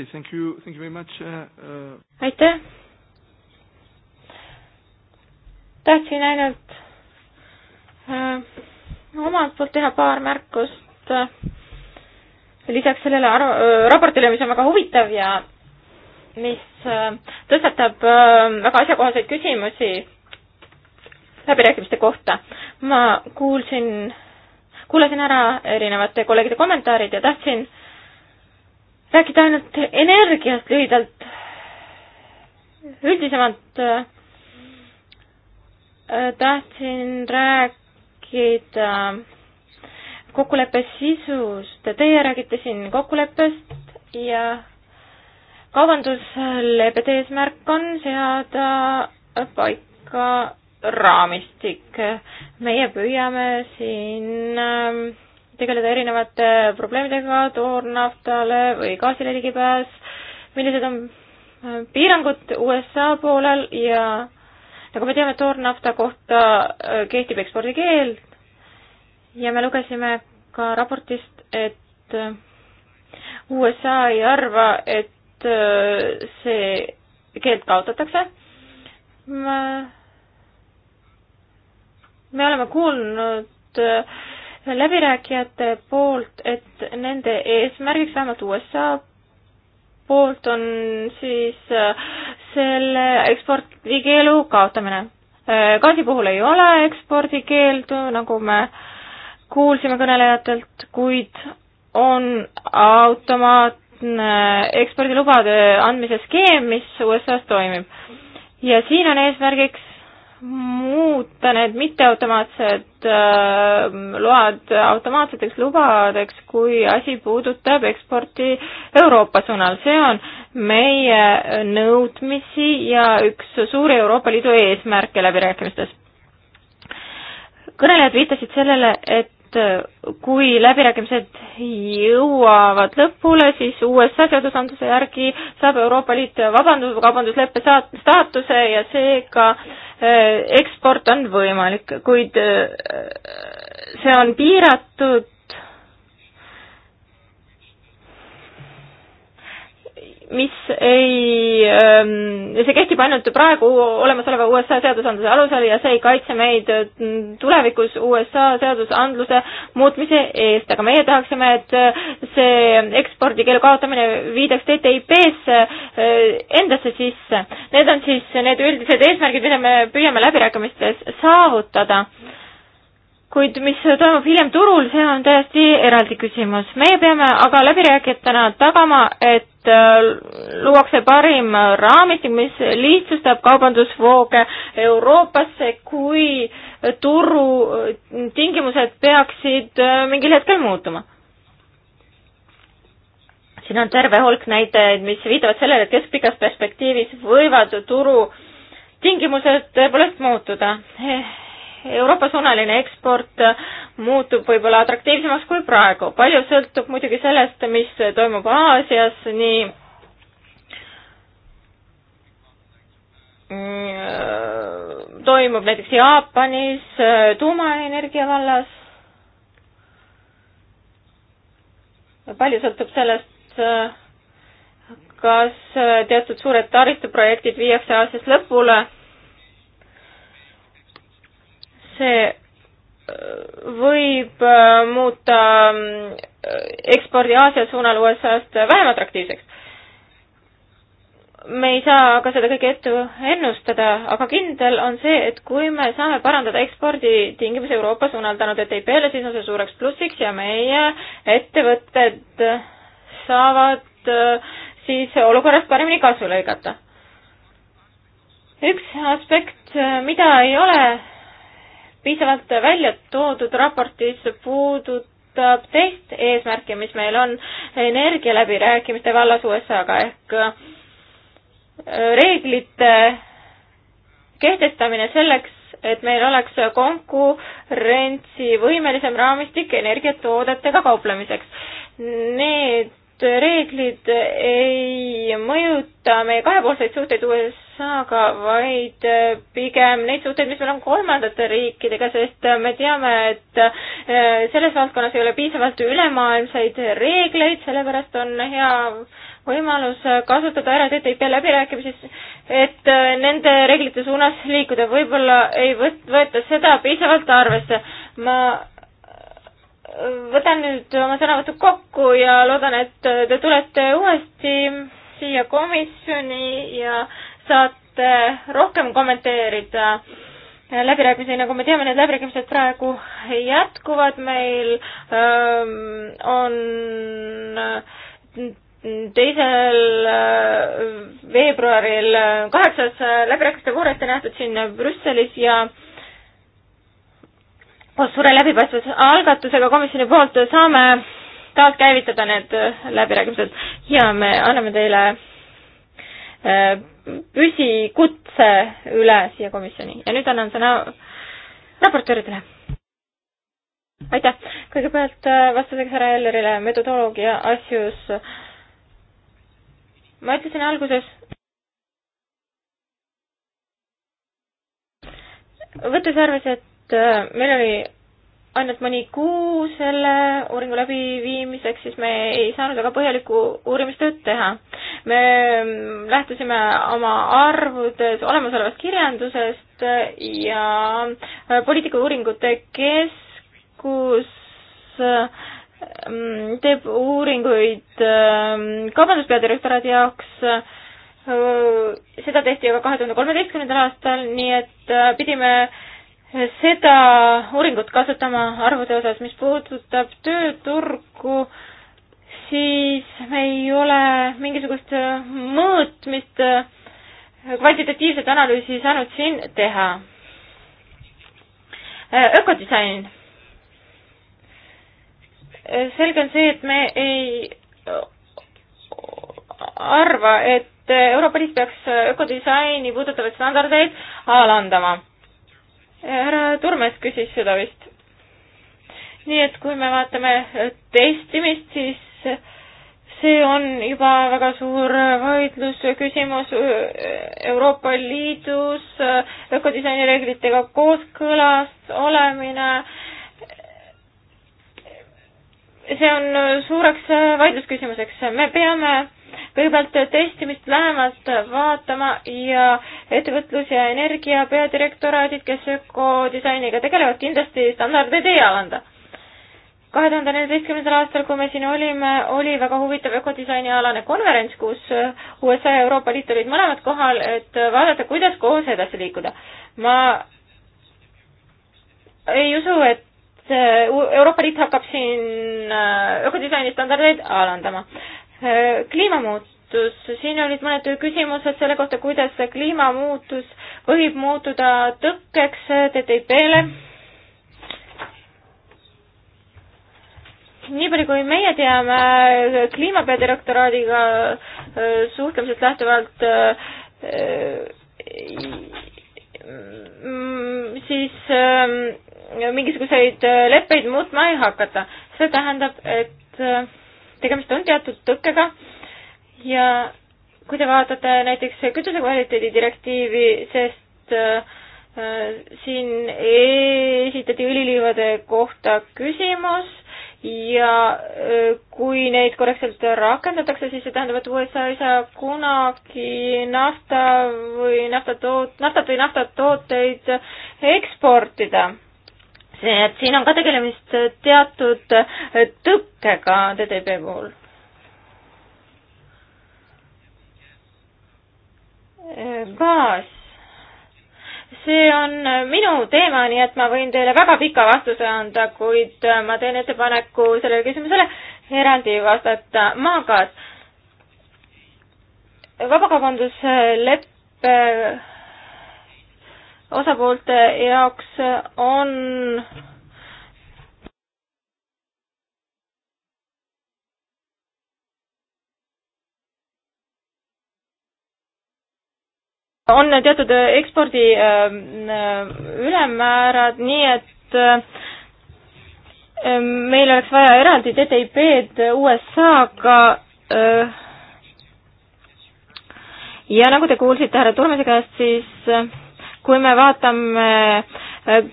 okay,. Thank you, thank you very much uh, uh,. aitäh. tahtsin ainult äh, omalt poolt teha paar märkust äh, lisaks sellele arv- äh,, raportile, mis on väga huvitav ja mis äh, tõstatab äh, väga asjakohaseid küsimusi läbirääkimiste kohta. ma kuulsin, kuulasin ära erinevate kolleegide kommentaarid ja tahtsin rääkida ainult energiast lühidalt, üldisemalt äh, tahtsin rääkida kokkuleppe sisust. Teie räägite siin kokkuleppest ja kaubanduslepete eesmärk on seada paika raamistik. meie püüame siin ähm, tegeleda erinevate probleemidega, toornaftale või gaasile ligipääs, millised on äh, piirangud USA poolel ja nagu me teame, toornafta kohta äh, kehtib ekspordikeeld ja me lugesime ka raportist, et äh, USA ei arva, et see keeld kaotatakse. me oleme kuulnud äh, läbirääkijate poolt, et nende eesmärgiks, vähemalt USA poolt, on siis äh, selle ekspordikeelu kaotamine. gaasi äh, puhul ei ole ekspordikeeldu, nagu me kuulsime kõnelejatelt, kuid on automaatne ekspordilubade andmise skeem, mis USA-s toimib. ja siin on eesmärgiks muuta need mitteautomaatsed äh, load automaatseteks lubadeks, kui asi puudutab eksporti Euroopa suunal. see on meie nõudmisi ja üks suuri Euroopa Liidu eesmärke läbirääkimistes. kõnelejad viitasid sellele, et kui läbirääkimised jõuavad lõpule, siis USA seadusandluse järgi saab Euroopa Liit vabandus, kaubandusleppe staatuse ja seega eh, eksport on võimalik, kuid eh, see on piiratud mis ei, ähm, see kehtib ainult praegu olemasoleva USA seadusandluse alusel ja see ei kaitse meid äh, tulevikus USA seadusandluse muutmise eest, aga meie tahaksime, et äh, see ekspordikeelu kaotamine viidaks TTIP-sse äh, endasse sisse. Need on siis need üldised eesmärgid, mida me püüame läbirääkimistes saavutada kuid mis toimub hiljem turul, see on täiesti eraldi küsimus. meie peame aga läbirääkijatena tagama, et äh, luuakse parim raamistik, mis lihtsustab kaubandusvooge Euroopasse, kui turu äh, tingimused peaksid äh, mingil hetkel muutuma. siin on terve hulk näitajaid, mis viitavad sellele, et keskpikas perspektiivis võivad turu tingimused tõepoolest muutuda eh Euroopa-suunaline eksport muutub võib-olla atraktiivsemaks kui praegu. palju sõltub muidugi sellest, mis toimub Aasias, nii mm, toimub näiteks Jaapanis äh, tuumaenergia vallas. palju sõltub sellest, äh, kas äh, teatud suured taristuprojektid viiakse Aasias lõpule see äh, võib äh, muuta äh, ekspordi Aasia suunal USA-st vähem atraktiivseks. me ei saa aga seda kõike ette ennustada, aga kindel on see, et kui me saame parandada eksporditingimusi Euroopa suunal tänu TTIP-le, siis on see suureks plussiks ja meie ettevõtted saavad siis olukorrast paremini kasu lõigata. üks aspekt, mida ei ole piisavalt välja toodud raportis puudutab teist eesmärki, mis meil on energialäbirääkimiste vallas USA-ga ehk äh, reeglite kehtestamine selleks, et meil oleks konkurentsivõimelisem raamistik energiatoodetega kauplemiseks. Need reeglid ei mõjuta meie kahepoolseid suhteid USA-ga, vaid pigem neid suhteid, mis meil on kolmandate riikidega, sest me teame, et eh, selles valdkonnas ei ole piisavalt ülemaailmseid reegleid, sellepärast on hea võimalus kasutada ära TTIP läbirääkimises, et eh, nende reeglite suunas liikuda, võib-olla ei võt-, võeta seda piisavalt arvesse. ma võtan nüüd oma sõnavõtu kokku ja loodan, et te tulete uuesti siia komisjoni ja saate rohkem kommenteerida läbirääkimisi, nagu me teame, need läbirääkimised praegu jätkuvad, meil öö, ähm, on äh, teisel äh, veebruaril kaheksas läbirääkimiste voor ette nähtud siin Brüsselis ja öö, suure läbipaistvusalgatusega komisjoni poolt saame taaskäivitada need äh, läbirääkimised ja me anname teile äh, püsikutse üle siia komisjoni ja nüüd annan sõna raportööridele. aitäh, kõigepealt äh, vastuseks härra Ellerile metodoloogia asjus. ma ütlesin alguses, võttes arvesse, et Äh, meil oli ainult mõni kuu selle uuringu läbiviimiseks, siis me ei saanud väga põhjalikku uurimistööd teha. me mm, lähtusime oma arvudes äh, olemasolevast kirjandusest äh, ja poliitikauuringute keskus mm, teeb uuringuid kaubanduspeadirektoraadi jaoks seda tehti aga kahe tuhande kolmeteistkümnendal aastal, nii et pidime seda uuringut kasutama arvude osas, mis puudutab tööturgu, siis me ei ole mingisugust mõõtmist, kvantitatiivset analüüsi saanud siin teha. ökodisain. selge on see, et me ei arva, et Euroopa Liit peaks ökodisaini puudutavaid standardeid alandama härra Turmes küsis seda vist. nii et kui me vaatame testimist, siis see on juba väga suur vaidlusküsimus Euroopa Liidus, ökodisaini reeglitega kooskõlas olemine, see on suureks vaidlusküsimuseks, me peame kõigepealt testimist lähemalt vaatama ja ettevõtlus ja energia peadirektoraadid, kes ökodisainiga tegelevad, kindlasti standardeid ei alanda kahe tuhande neljateistkümnendal aastal, kui me siin olime, oli väga huvitav ökodisaini alane konverents, kus USA ja Euroopa Liit olid mõlemad kohal, et vaadata, kuidas koos edasi liikuda. ma ei usu, et Euroopa Liit hakkab siin äh, ökodisaini standardeid alandama. Äh, kliimamuutus, siin olid mõned küsimused selle kohta, kuidas kliimamuutus võib muutuda tõkkeks TTIP-le. nii palju, kui meie teame kliimapeadirektoraadiga äh, suhtlemisest lähtuvalt äh, mm, siis mingisuguseid leppeid muutma ei hakata. see tähendab, et tegemist on teatud tõkkega ja kui te vaatate näiteks kütuse kvaliteedi direktiivi, sest äh, äh, siin esitati õliliivade kohta küsimus ja äh, kui neid korrektselt rakendatakse, siis see tähendab, et USA ei saa kunagi nafta või naftatoot-, naftat või naftatooteid eksportida see, et siin on ka tegelemist äh, teatud äh, tõkkega TTP puhul. Äh, gaas, see on minu teema, nii et ma võin teile väga pika vastuse anda, kuid ma teen ettepaneku sellele küsimusele eraldi vastata. maagaas, vabakaubandusleppe osapoolte jaoks on on teatud ekspordi äh, ülemmäärad, nii et äh, meil oleks vaja eraldi TTIP-d USA-ga äh, ja nagu te kuulsite härra Turmese käest, siis kui me vaatame äh,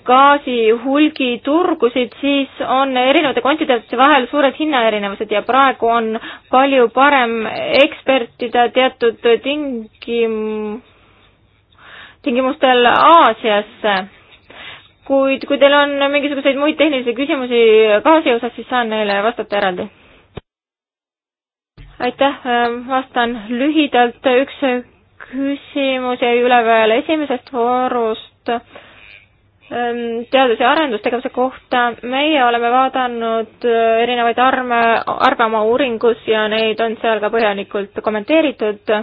gaasihulgiturgusid, siis on erinevate kvantiteetide vahel suured hinnaerinevused ja praegu on palju parem ekspertida teatud tingim-, tingimustel Aasiasse. kuid kui teil on mingisuguseid muid tehnilisi küsimusi gaasi osas, siis saan neile vastata eraldi. aitäh, äh, vastan lühidalt, üks küsimus jäi üle veel esimesest voorust ähm, teadus- ja arendustegevuse kohta. meie oleme vaadanud äh, erinevaid arme, arve oma uuringus ja neid on seal ka põhjalikult kommenteeritud.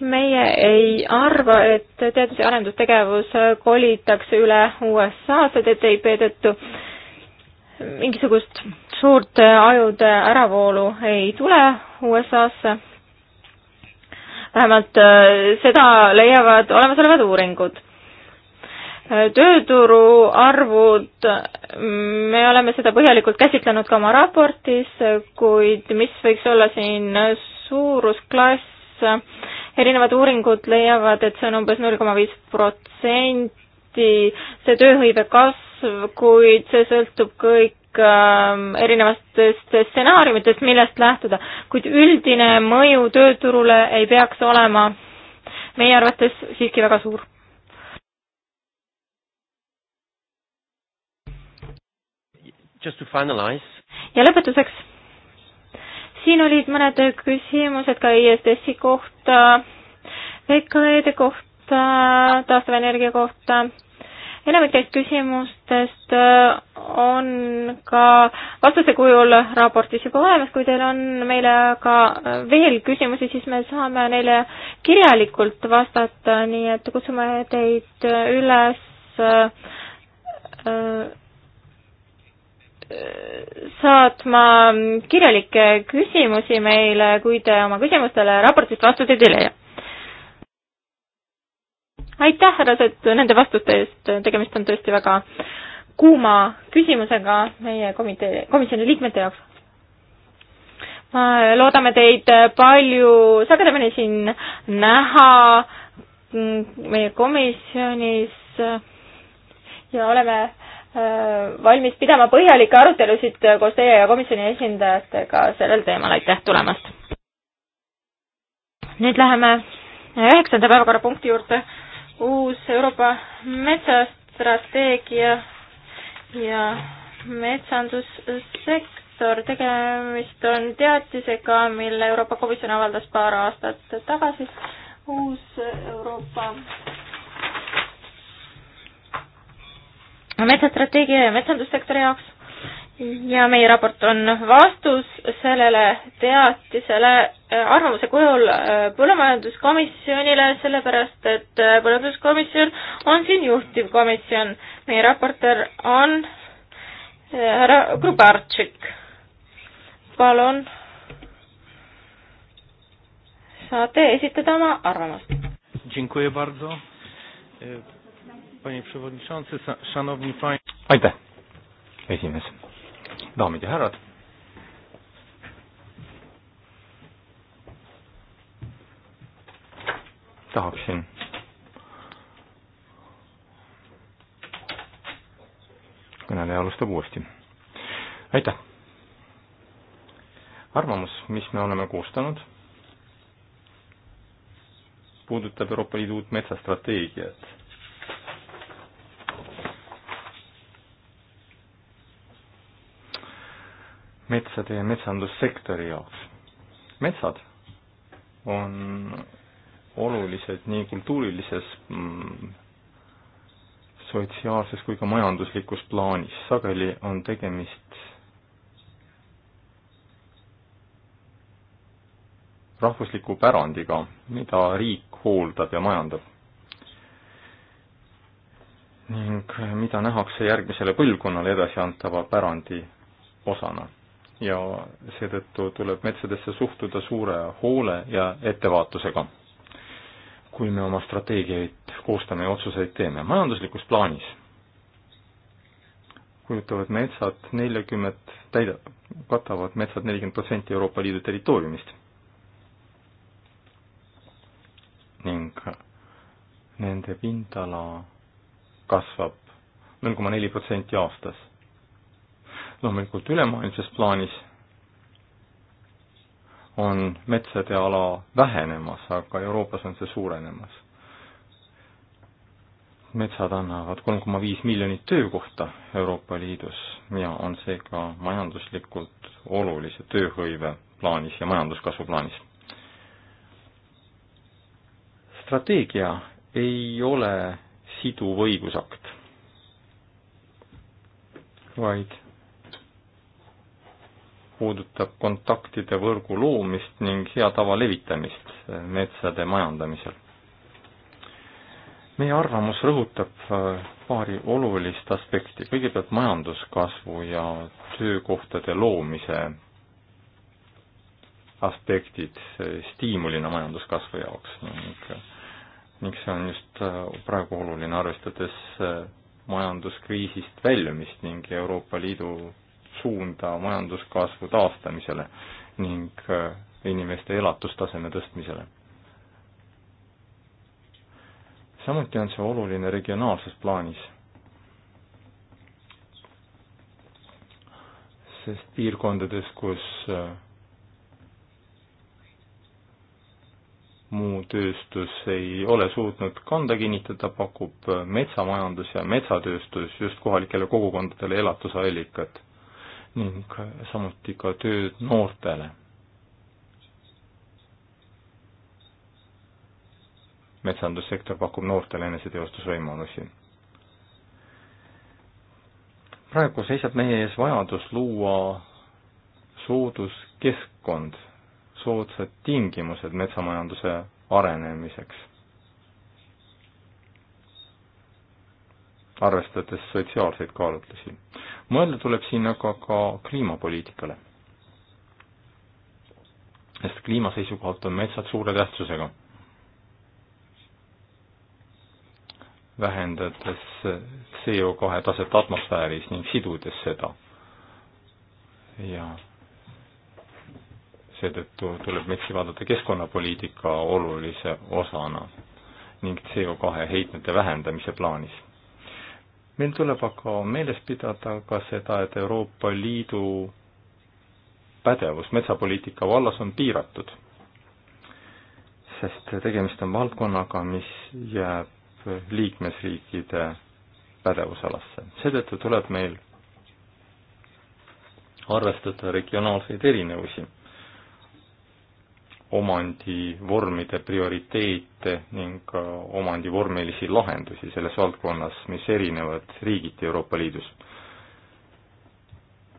meie ei arva, et teadus- ja arendustegevus kolitakse üle USA-sse TTIP tõttu. mingisugust suurt ajude äravoolu ei tule USA-sse vähemalt äh, seda leiavad olemasolevad uuringud. Äh, tööturu arvud, me oleme seda põhjalikult käsitlenud ka oma raportis, kuid mis võiks olla siin suurusklass, erinevad uuringud leiavad, et see on umbes null koma viis protsenti, see tööhõive kasv, kuid see sõltub kõik Ähm, erinevatest stsenaariumitest, millest lähtuda, kuid üldine mõju tööturule ei peaks olema meie arvates siiski väga suur. ja lõpetuseks, siin olid mõned küsimused ka ISS-i kohta, VKE-de kohta, taastuvenergia kohta enamik teist küsimustest äh, on ka vastuse kujul raportis juba olemas, kui teil on meile aga äh, veel küsimusi, siis me saame neile kirjalikult vastata, nii et kutsume teid üles äh, saatma kirjalikke küsimusi meile, kui te oma küsimustele raportist vastuseid ei leia aitäh, härrased, nende vastuste eest, tegemist on tõesti väga kuuma küsimusega meie komitee, komisjoni liikmete jaoks. loodame teid palju sagedamini siin näha meie komisjonis ja oleme äh, valmis pidama põhjalikke arutelusid koos teie ja komisjoni esindajatega sellel teemal, aitäh tulemast! nüüd läheme üheksanda päevakorrapunkti juurde uus Euroopa metsastrateegia ja metsandussektor, tegemist on teatisega, mille Euroopa Komisjon avaldas paar aastat tagasi, uus Euroopa metsastrateegia ja metsandussektori jaoks ja meie raport on vastus sellele teatisele äh, arvamuse kujul äh, põllumajanduskomisjonile, sellepärast et äh, põllumajanduskomisjon on siin juhtivkomisjon. meie raporter on härra Grubartšik. palun, saate esitada oma arvamust. E, aitäh, esimees daamid ja härrad. tahaksin kõneleja alustab uuesti. aitäh! arvamus, mis me oleme koostanud, puudutab Euroopa Liidu uut metsastrateegiat metsade ja metsandussektori jaoks. metsad on olulised nii kultuurilises mm, sotsiaalses kui ka majanduslikus plaanis. sageli on tegemist rahvusliku pärandiga, mida riik hooldab ja majandab. ning mida nähakse järgmisele põlvkonnale edasiantava pärandi osana ja seetõttu tuleb metsadesse suhtuda suure hoole ja ettevaatusega, kui me oma strateegiaid koostame ja otsuseid teeme. majanduslikus plaanis kujutavad metsad neljakümmet, täida-, katavad metsad nelikümmend protsenti Euroopa Liidu territooriumist. ning nende pindala kasvab null koma neli protsenti aastas loomulikult ülemaailmses plaanis on metsade ala vähenemas, aga Euroopas on see suurenemas. metsad annavad kolm koma viis miljonit töökohta Euroopa Liidus ja on seega majanduslikult olulise tööhõive plaanis ja majanduskasvu plaanis. strateegia ei ole siduv õigusakt, vaid puudutab kontaktide võrgu loomist ning hea tava levitamist eh, metsade majandamisel. meie arvamus rõhutab eh, paari olulist aspekti, kõigepealt majanduskasvu ja töökohtade loomise aspektid eh, stiimulina majanduskasvu jaoks ning, ning see on just praegu oluline, arvestades majanduskriisist väljumist ning Euroopa Liidu suunda majanduskasvu taastamisele ning äh, inimeste elatustaseme tõstmisele. samuti on see oluline regionaalses plaanis, sest piirkondades, kus äh, muu tööstus ei ole suutnud kanda kinnitada, pakub äh, metsamajandus ja metsatööstus just kohalikele kogukondadele elatusallikat ning samuti ka tööd noortele. metsandussektor pakub noortele eneseteostusvõimalusi. praegu seisab meie ees vajadus luua sooduskeskkond, soodsad tingimused metsamajanduse arenemiseks. arvestades sotsiaalseid kaalutlusi. mõelda tuleb siin aga ka kliimapoliitikale. sest kliima seisukohalt on metsad suure tähtsusega. vähendades CO2 taset atmosfääris ning sidudes seda. ja seetõttu tuleb metsi vaadata keskkonnapoliitika olulise osana ning CO2 heitmete vähendamise plaanis meil tuleb aga meeles pidada ka seda, et Euroopa Liidu pädevus metsapoliitika vallas on piiratud, sest tegemist on valdkonnaga, mis jääb liikmesriikide pädevusalasse. seetõttu tuleb meil arvestada regionaalseid erinevusi omandivormide prioriteete ning omandivormilisi lahendusi selles valdkonnas, mis erinevad riigiti Euroopa Liidus.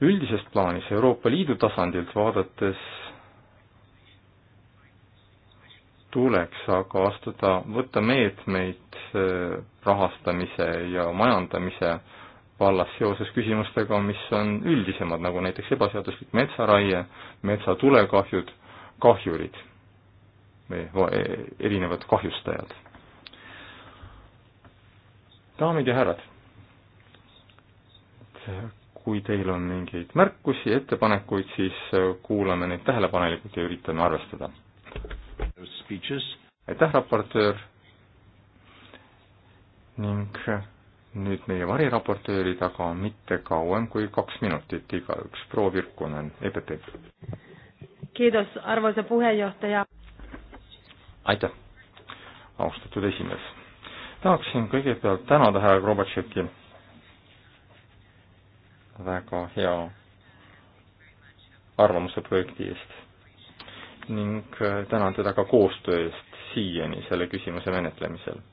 üldises plaanis Euroopa Liidu tasandilt vaadates tuleks aga astuda, võtta meetmeid eh, rahastamise ja majandamise vallas seoses küsimustega, mis on üldisemad, nagu näiteks ebaseaduslik metsaraie, metsatulekahjud kahjurid või e-, erinevad kahjustajad. daamid ja härrad, kui teil on mingeid märkusi, ettepanekuid, siis kuulame neid tähelepanelikult ja üritame arvestada. aitäh, raportöör ning nüüd meie variraportöörid, aga mitte kauem kui kaks minutit igaüks. proua Virkunen, EPP. Kiitos, arvoisa puheenjohtaja. aitäh, austatud esimees. tahaksin kõigepealt tänada härra Gorbatševi väga hea arvamuse projekti eest ning äh, tänan teda ka koostöö eest siiani selle küsimuse menetlemisel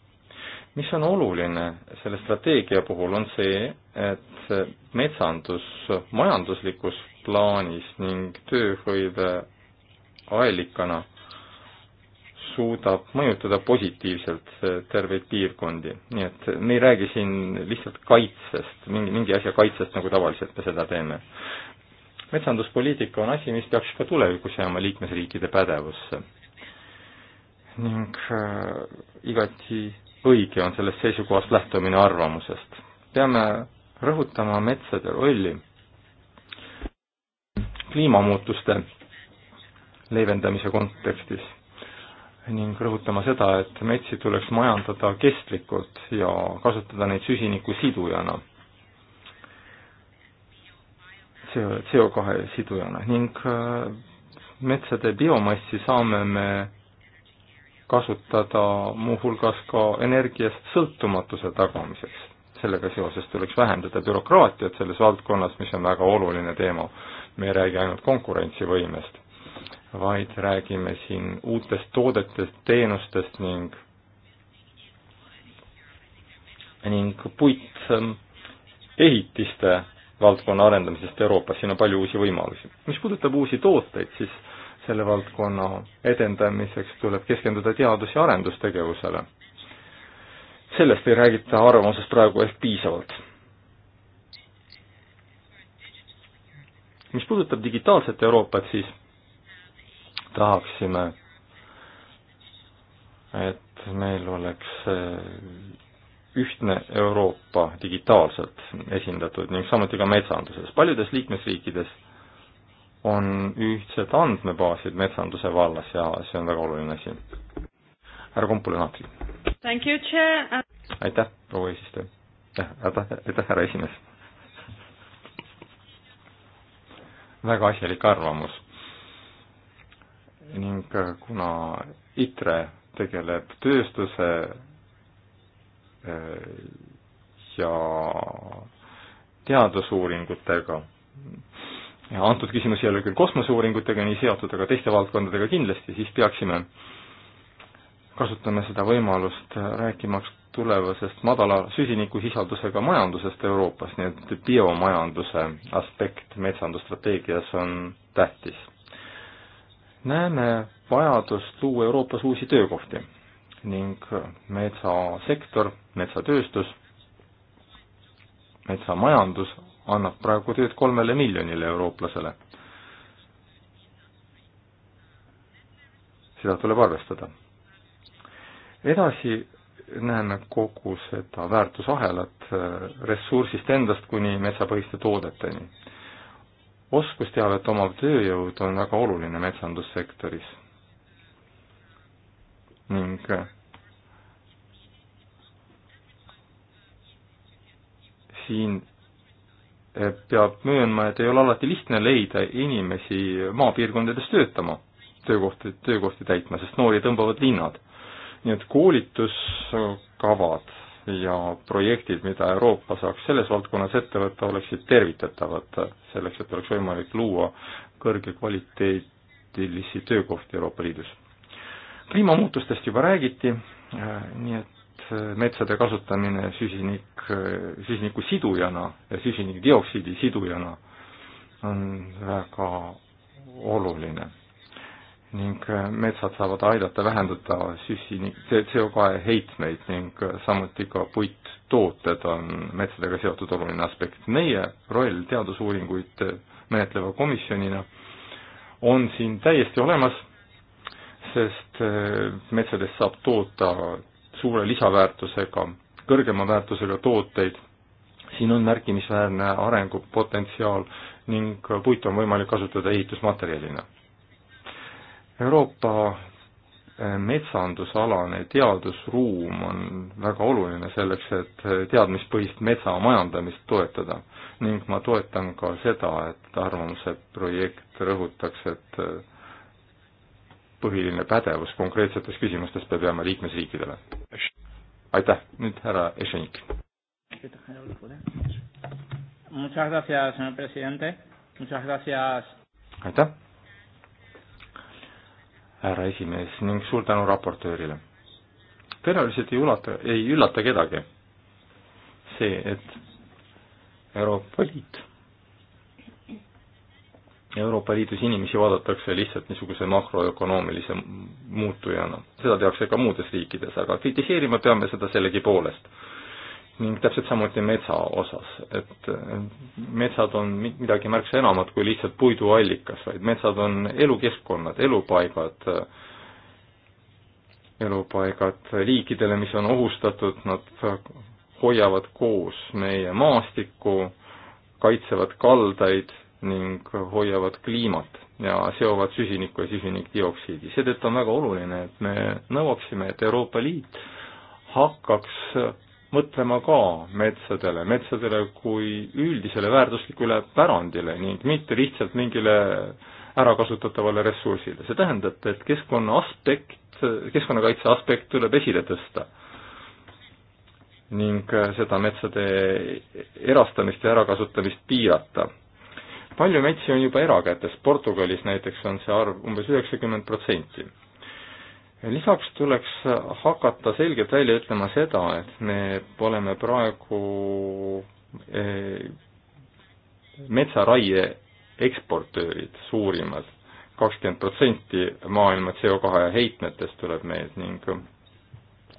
mis on oluline selle strateegia puhul, on see, et metsandus majanduslikus plaanis ning tööhõive allikana suudab mõjutada positiivselt terveid piirkondi. nii et me ei räägi siin lihtsalt kaitsest, mingi, mingi asja kaitsest, nagu tavaliselt me seda teeme. metsanduspoliitika on asi, mis peaks ka tulevikus jääma liikmesriikide pädevusse. ning äh, igati õige on sellest seisukohast lähtumine arvamusest. peame rõhutama metsade rolli kliimamuutuste leevendamise kontekstis ning rõhutama seda, et metsi tuleks majandada kestlikult ja kasutada neid süsiniku sidujana, CO2 sidujana ning äh, metsade biomassi saame me kasutada muuhulgas ka energiast sõltumatuse tagamiseks. sellega seoses tuleks vähendada bürokraatiat selles valdkonnas, mis on väga oluline teema. me ei räägi ainult konkurentsivõimest vaid räägime siin uutest toodetest, teenustest ning, ning puitehitiste ähm, valdkonna arendamisest Euroopas, siin on palju uusi võimalusi. mis puudutab uusi tooteid, siis selle valdkonna edendamiseks tuleb keskenduda teadus- ja arendustegevusele. sellest ei räägita arvamuses praegu ehk piisavalt. mis puudutab digitaalset Euroopat, siis tahaksime, et meil oleks eh, ühtne Euroopa digitaalselt esindatud ning samuti ka metsanduses. paljudes liikmesriikides on ühtsed andmebaasid metsanduse vallas ja see on väga oluline asi. härra Kumpula-Natri. aitäh, proua eesistuja. aitäh, aitäh, härra esimees. väga asjalik arvamus ning kuna ITRE tegeleb tööstuse eh, ja teadusuuringutega, ja antud küsimus ei ole küll kosmoseuuringutega nii seotud, aga teiste valdkondadega kindlasti, siis peaksime kasutame seda võimalust rääkimaks tulevasest madala süsinikusisaldusega majandusest Euroopas, nii et biomajanduse aspekt metsandusstrateegias on tähtis näeme vajadust luua Euroopas uusi töökohti ning metsasektor, metsatööstus, metsamajandus annab praegu tööd kolmele miljonile eurooplasele. seda tuleb arvestada. edasi näeme kogu seda väärtusahelat ressursist endast kuni metsapõhiste toodeteni oskusteavet omav tööjõud on väga oluline metsandussektoris ning eh, siin eh, peab möönma, et ei ole alati lihtne leida inimesi maapiirkondades töötama, töökohti, töökohti täitma, sest noori tõmbavad linnad. nii et koolituskavad ja projektid, mida Euroopa saaks selles valdkonnas ette võtta, oleksid tervitatavad, selleks et oleks võimalik luua kõrge kvaliteedilisi töökohti Euroopa Liidus. kliimamuutustest juba räägiti, äh, nii et äh, metsade kasutamine süsinik, äh, süsiniku sidujana ja süsinikdioksiidi sidujana on väga oluline ning äh, metsad saavad aidata vähendada süsini-, CO2 heitmeid ning äh, samuti ka puittooted on metsadega seotud oluline aspekt. meie roll teadusuuringuid äh, menetleva komisjonina on siin täiesti olemas, sest metsadest saab toota suure lisaväärtusega, kõrgema väärtusega tooteid, siin on märkimisväärne arengupotentsiaal ning puitu on võimalik kasutada ehitusmaterjalina Euroopa eh, metsandusalane teadusruum on väga oluline selleks, et eh, teadmispõhist metsamajandamist toetada. ning ma toetan ka seda, et arvamuse projekt rõhutaks, et eh, põhiline pädevus konkreetsetes küsimustes peab jääma liikmesriikidele. aitäh, nüüd härra Ešenik. aitäh härra esimees, ning suur tänu raportöörile. tõenäoliselt ei ulata, ei üllata kedagi see, et Euroopa Liit, Euroopa Liidus inimesi vaadatakse lihtsalt niisuguse makroökonoomilise muutujana. seda tehakse ka muudes riikides, aga kritiseerima peame seda sellegipoolest ning täpselt samuti metsa osas, et metsad on midagi märksa enamat kui lihtsalt puiduallikas, vaid metsad on elukeskkonnad, elupaigad, elupaigad liikidele, mis on ohustatud, nad hoiavad koos meie maastikku, kaitsevad kaldaid ning hoiavad kliimat ja seovad süsinikku ja süsinikdioksiidi. seetõttu on väga oluline, et me nõuaksime, et Euroopa Liit hakkaks mõtlema ka metsadele, metsadele kui üldisele väärtuslikule pärandile ning mitte lihtsalt mingile ärakasutatavale ressursile. see tähendab, et keskkonna aspekt, keskkonnakaitse aspekt tuleb esile tõsta. ning seda metsade erastamist ja ärakasutamist piirata. palju metsi on juba erakätes, Portugalis näiteks on see arv umbes üheksakümmend protsenti lisaks tuleks hakata selgelt välja ütlema seda, et me oleme praegu e, metsaraie eksportöörid suurimad, kakskümmend protsenti maailma CO2 heitmetest tuleb meilt ning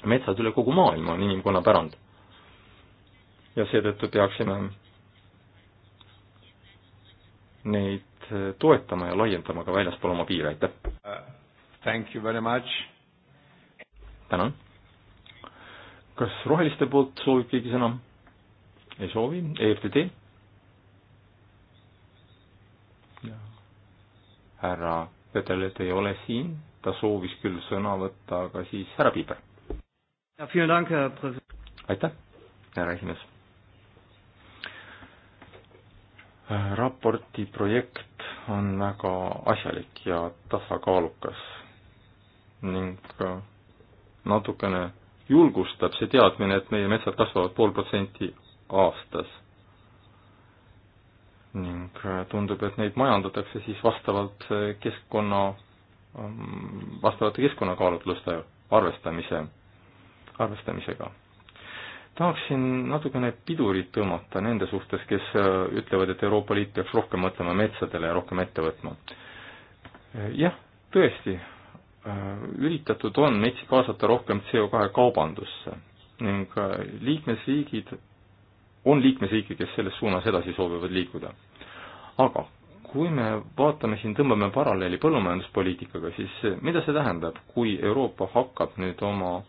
metsad üle kogu maailma on inimkonna pärand. ja seetõttu peaksime neid toetama ja laiendama ka väljaspool oma piire, aitäh! Thank you very much. tänan. kas roheliste poolt soovib keegi sõna? ei soovi, EFTD? härra Pödelet ei ole siin, ta soovis küll sõna võtta, aga siis härra Piiber. aitäh, härra esimees. raporti projekt on väga asjalik ja tasakaalukas ning natukene julgustab see teadmine, et meie metsad kasvavad pool protsenti aastas. ning äh, tundub, et neid majandatakse siis vastavalt äh, keskkonna, ähm, vastavate keskkonnakaalutluste arvestamise, arvestamisega. tahaksin natukene pidurit tõmmata nende suhtes, kes äh, ütlevad, et Euroopa Liit peaks rohkem mõtlema metsadele ja rohkem ette võtma. jah, tõesti Äh, üritatud on metsi kaasata rohkem CO2 kaubandusse ning äh, liikmesriigid, on liikmesriike, kes selles suunas edasi soovivad liikuda. aga kui me vaatame siin, tõmbame paralleeli põllumajanduspoliitikaga, siis äh, mida see tähendab, kui Euroopa hakkab nüüd oma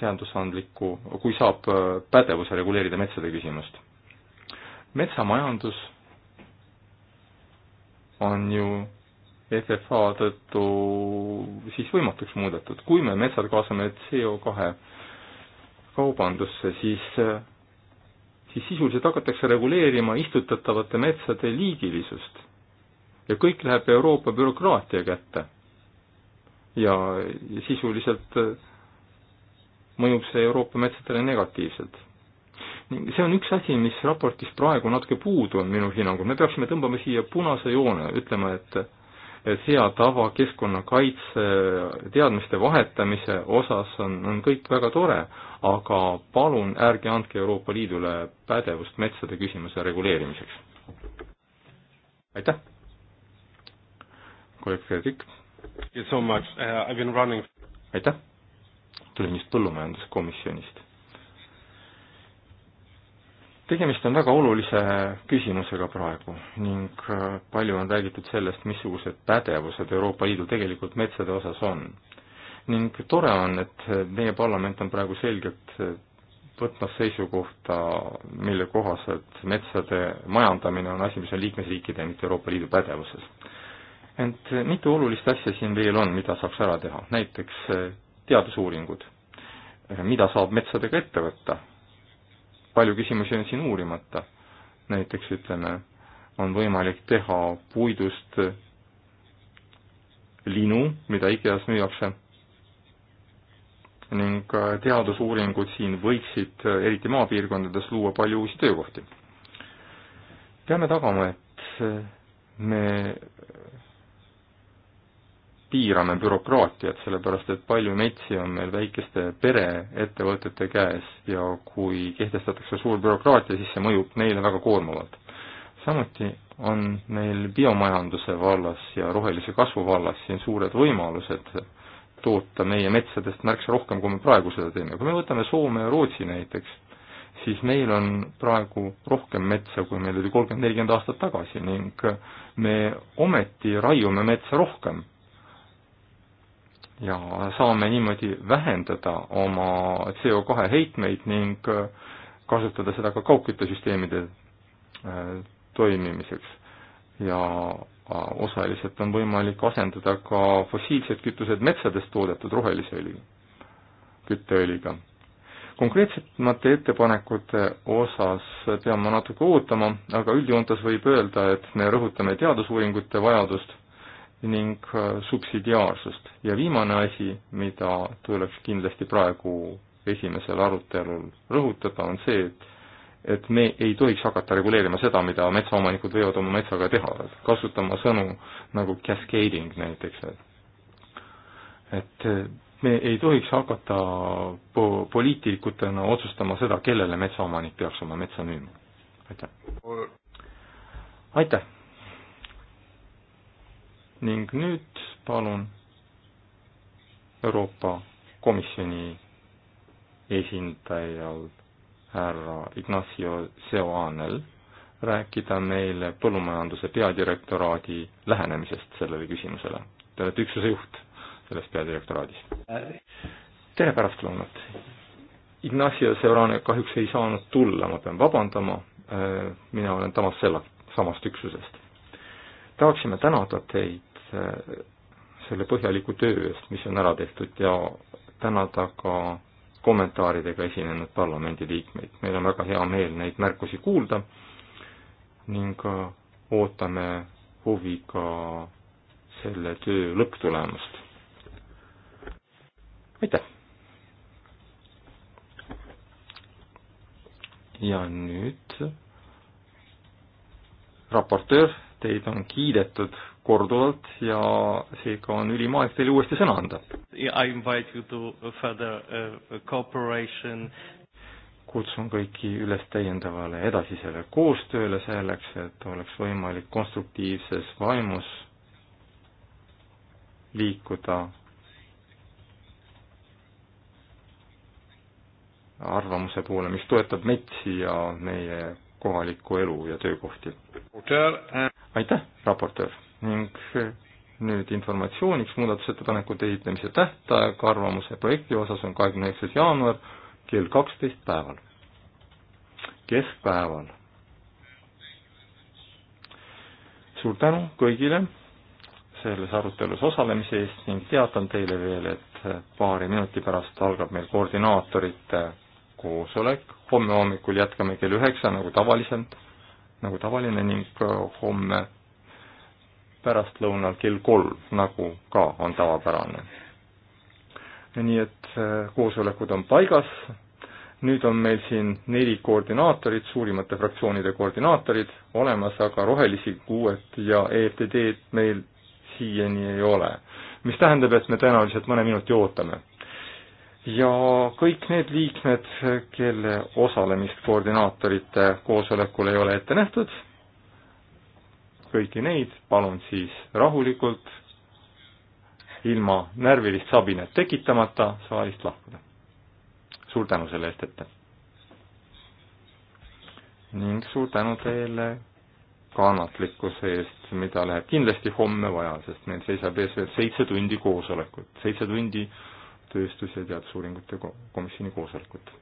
seadusandlikku, kui saab pädevuse reguleerida metsade küsimust? metsamajandus on ju FFA tõttu siis võimatuks muudetud. kui me metsad kaasame CO2 kaubandusse, siis, siis sisuliselt hakatakse reguleerima istutatavate metsade liigilisust ja kõik läheb Euroopa bürokraatia kätte. ja sisuliselt mõjub see Euroopa metsadele negatiivselt see on üks asi, mis raportis praegu natuke puudu on minu hinnangul, me peaksime tõmbama siia punase joone, ütlema, et et hea tava, keskkonnakaitse, teadmiste vahetamise osas on, on kõik väga tore, aga palun ärge andke Euroopa Liidule pädevust metsade küsimuse reguleerimiseks. aitäh! kolleeg Fredrik. Uh, aitäh! tulin just põllumajanduskomisjonist tegemist on väga olulise küsimusega praegu ning äh, palju on räägitud sellest, missugused pädevused Euroopa Liidul tegelikult metsade osas on. ning tore on, et meie parlament on praegu selgelt äh, võtmas seisukohta, mille kohaselt metsade majandamine on asi, mis on liikmesriikide, mitte Euroopa Liidu pädevuses. ent äh, mitu olulist asja siin veel on, mida saaks ära teha, näiteks teadusuuringud, mida saab metsadega ette võtta palju küsimusi on siin uurimata. näiteks ütleme, on võimalik teha puidust linu, mida IKEA-s müüakse ning teadusuuringud siin võiksid, eriti maapiirkondades, luua palju uusi töökohti. peame tagama, et me piirame bürokraatiat, sellepärast et palju metsi on meil väikeste pereettevõtete käes ja kui kehtestatakse suur bürokraatia, siis see mõjub neile väga koormavalt. samuti on meil biomajanduse vallas ja rohelise kasvu vallas siin suured võimalused toota meie metsadest märksa rohkem, kui me praegu seda teeme. kui me võtame Soome ja Rootsi näiteks, siis meil on praegu rohkem metsa, kui meil oli kolmkümmend, nelikümmend aastat tagasi ning me ometi raiume metsa rohkem ja saame niimoodi vähendada oma CO2 heitmeid ning äh, kasutada seda ka kaugküttesüsteemide äh, toimimiseks. ja äh, osaliselt on võimalik asendada ka fossiilsed kütused metsadest toodetud rohelise õli, kütteõliga. konkreetsemate ettepanekute osas pean ma natuke ootama, aga üldjoontes võib öelda, et me rõhutame teadusuuringute vajadust ning äh, subsidiaarsust. ja viimane asi, mida tuleks kindlasti praegu esimesel arutelul rõhutada, on see, et et me ei tohiks hakata reguleerima seda, mida metsaomanikud võivad oma metsaga teha, kasutama sõnu nagu cascading näiteks, et et äh, me ei tohiks hakata po-, poliitikutena otsustama seda, kellele metsaomanik peaks oma metsa müüma. aitäh! aitäh! ning nüüd palun Euroopa Komisjoni esindajal härra Ignacio Seoanel rääkida meile põllumajanduse peadirektoraadi lähenemisest sellele küsimusele. Te olete üksuse juht selles peadirektoraadis. tere pärastlõunat! Ignacio Seorane kahjuks ei saanud tulla, ma pean vabandama, äh, mina olen Tamas Sellak samast üksusest tahaksime tänada teid eh, selle põhjaliku töö eest, mis on ära tehtud ja tänada ka kommentaaridega esinenud parlamendiliikmeid. meil on väga hea meel neid märkusi kuulda ning eh, ootame huviga selle töö lõpptulemust. aitäh! ja nüüd raportöör teid on kiidetud korduvalt ja seega on ülim aeg teile uuesti sõna anda. Uh, kutsun kõiki üles täiendavale edasisele koostööle selleks, et oleks võimalik konstruktiivses vaimus liikuda arvamuse poole, mis toetab metsi ja meie kohalikku elu ja töökohti aitäh, raportöör, ning eh, nüüd informatsiooniks muudatusettepanekute esitamise tähtaeg arvamuse projekti osas on kahekümne üheksas jaanuar kell kaksteist päeval, keskpäeval. suur tänu kõigile selles arutelus osalemise eest ning teatan teile veel, et eh, paari minuti pärast algab meil koordinaatorite koosolek, homme hommikul jätkame kell üheksa nagu tavaliselt nagu tavaline ning äh, homme pärastlõunal kell kolm, nagu ka on tavapärane. nii et äh, koosolekud on paigas, nüüd on meil siin neli koordinaatorit, suurimate fraktsioonide koordinaatorid olemas, aga rohelisi, kuuet ja EFTD-d meil siiani ei ole. mis tähendab, et me tõenäoliselt mõne minuti ootame ja kõik need liikmed, kelle osalemist koordinaatorite koosolekul ei ole ette nähtud, kõiki neid palun siis rahulikult, ilma närvilist sabinat tekitamata saalist lahkuda. suur tänu selle eest ette! ning suur tänu teile kannatlikkuse eest, mida läheb kindlasti homme vaja, sest meil seisab ees veel seitse tundi koosolekut, seitse tundi tööstus- ja teadusuuringute komisjoni koosolekut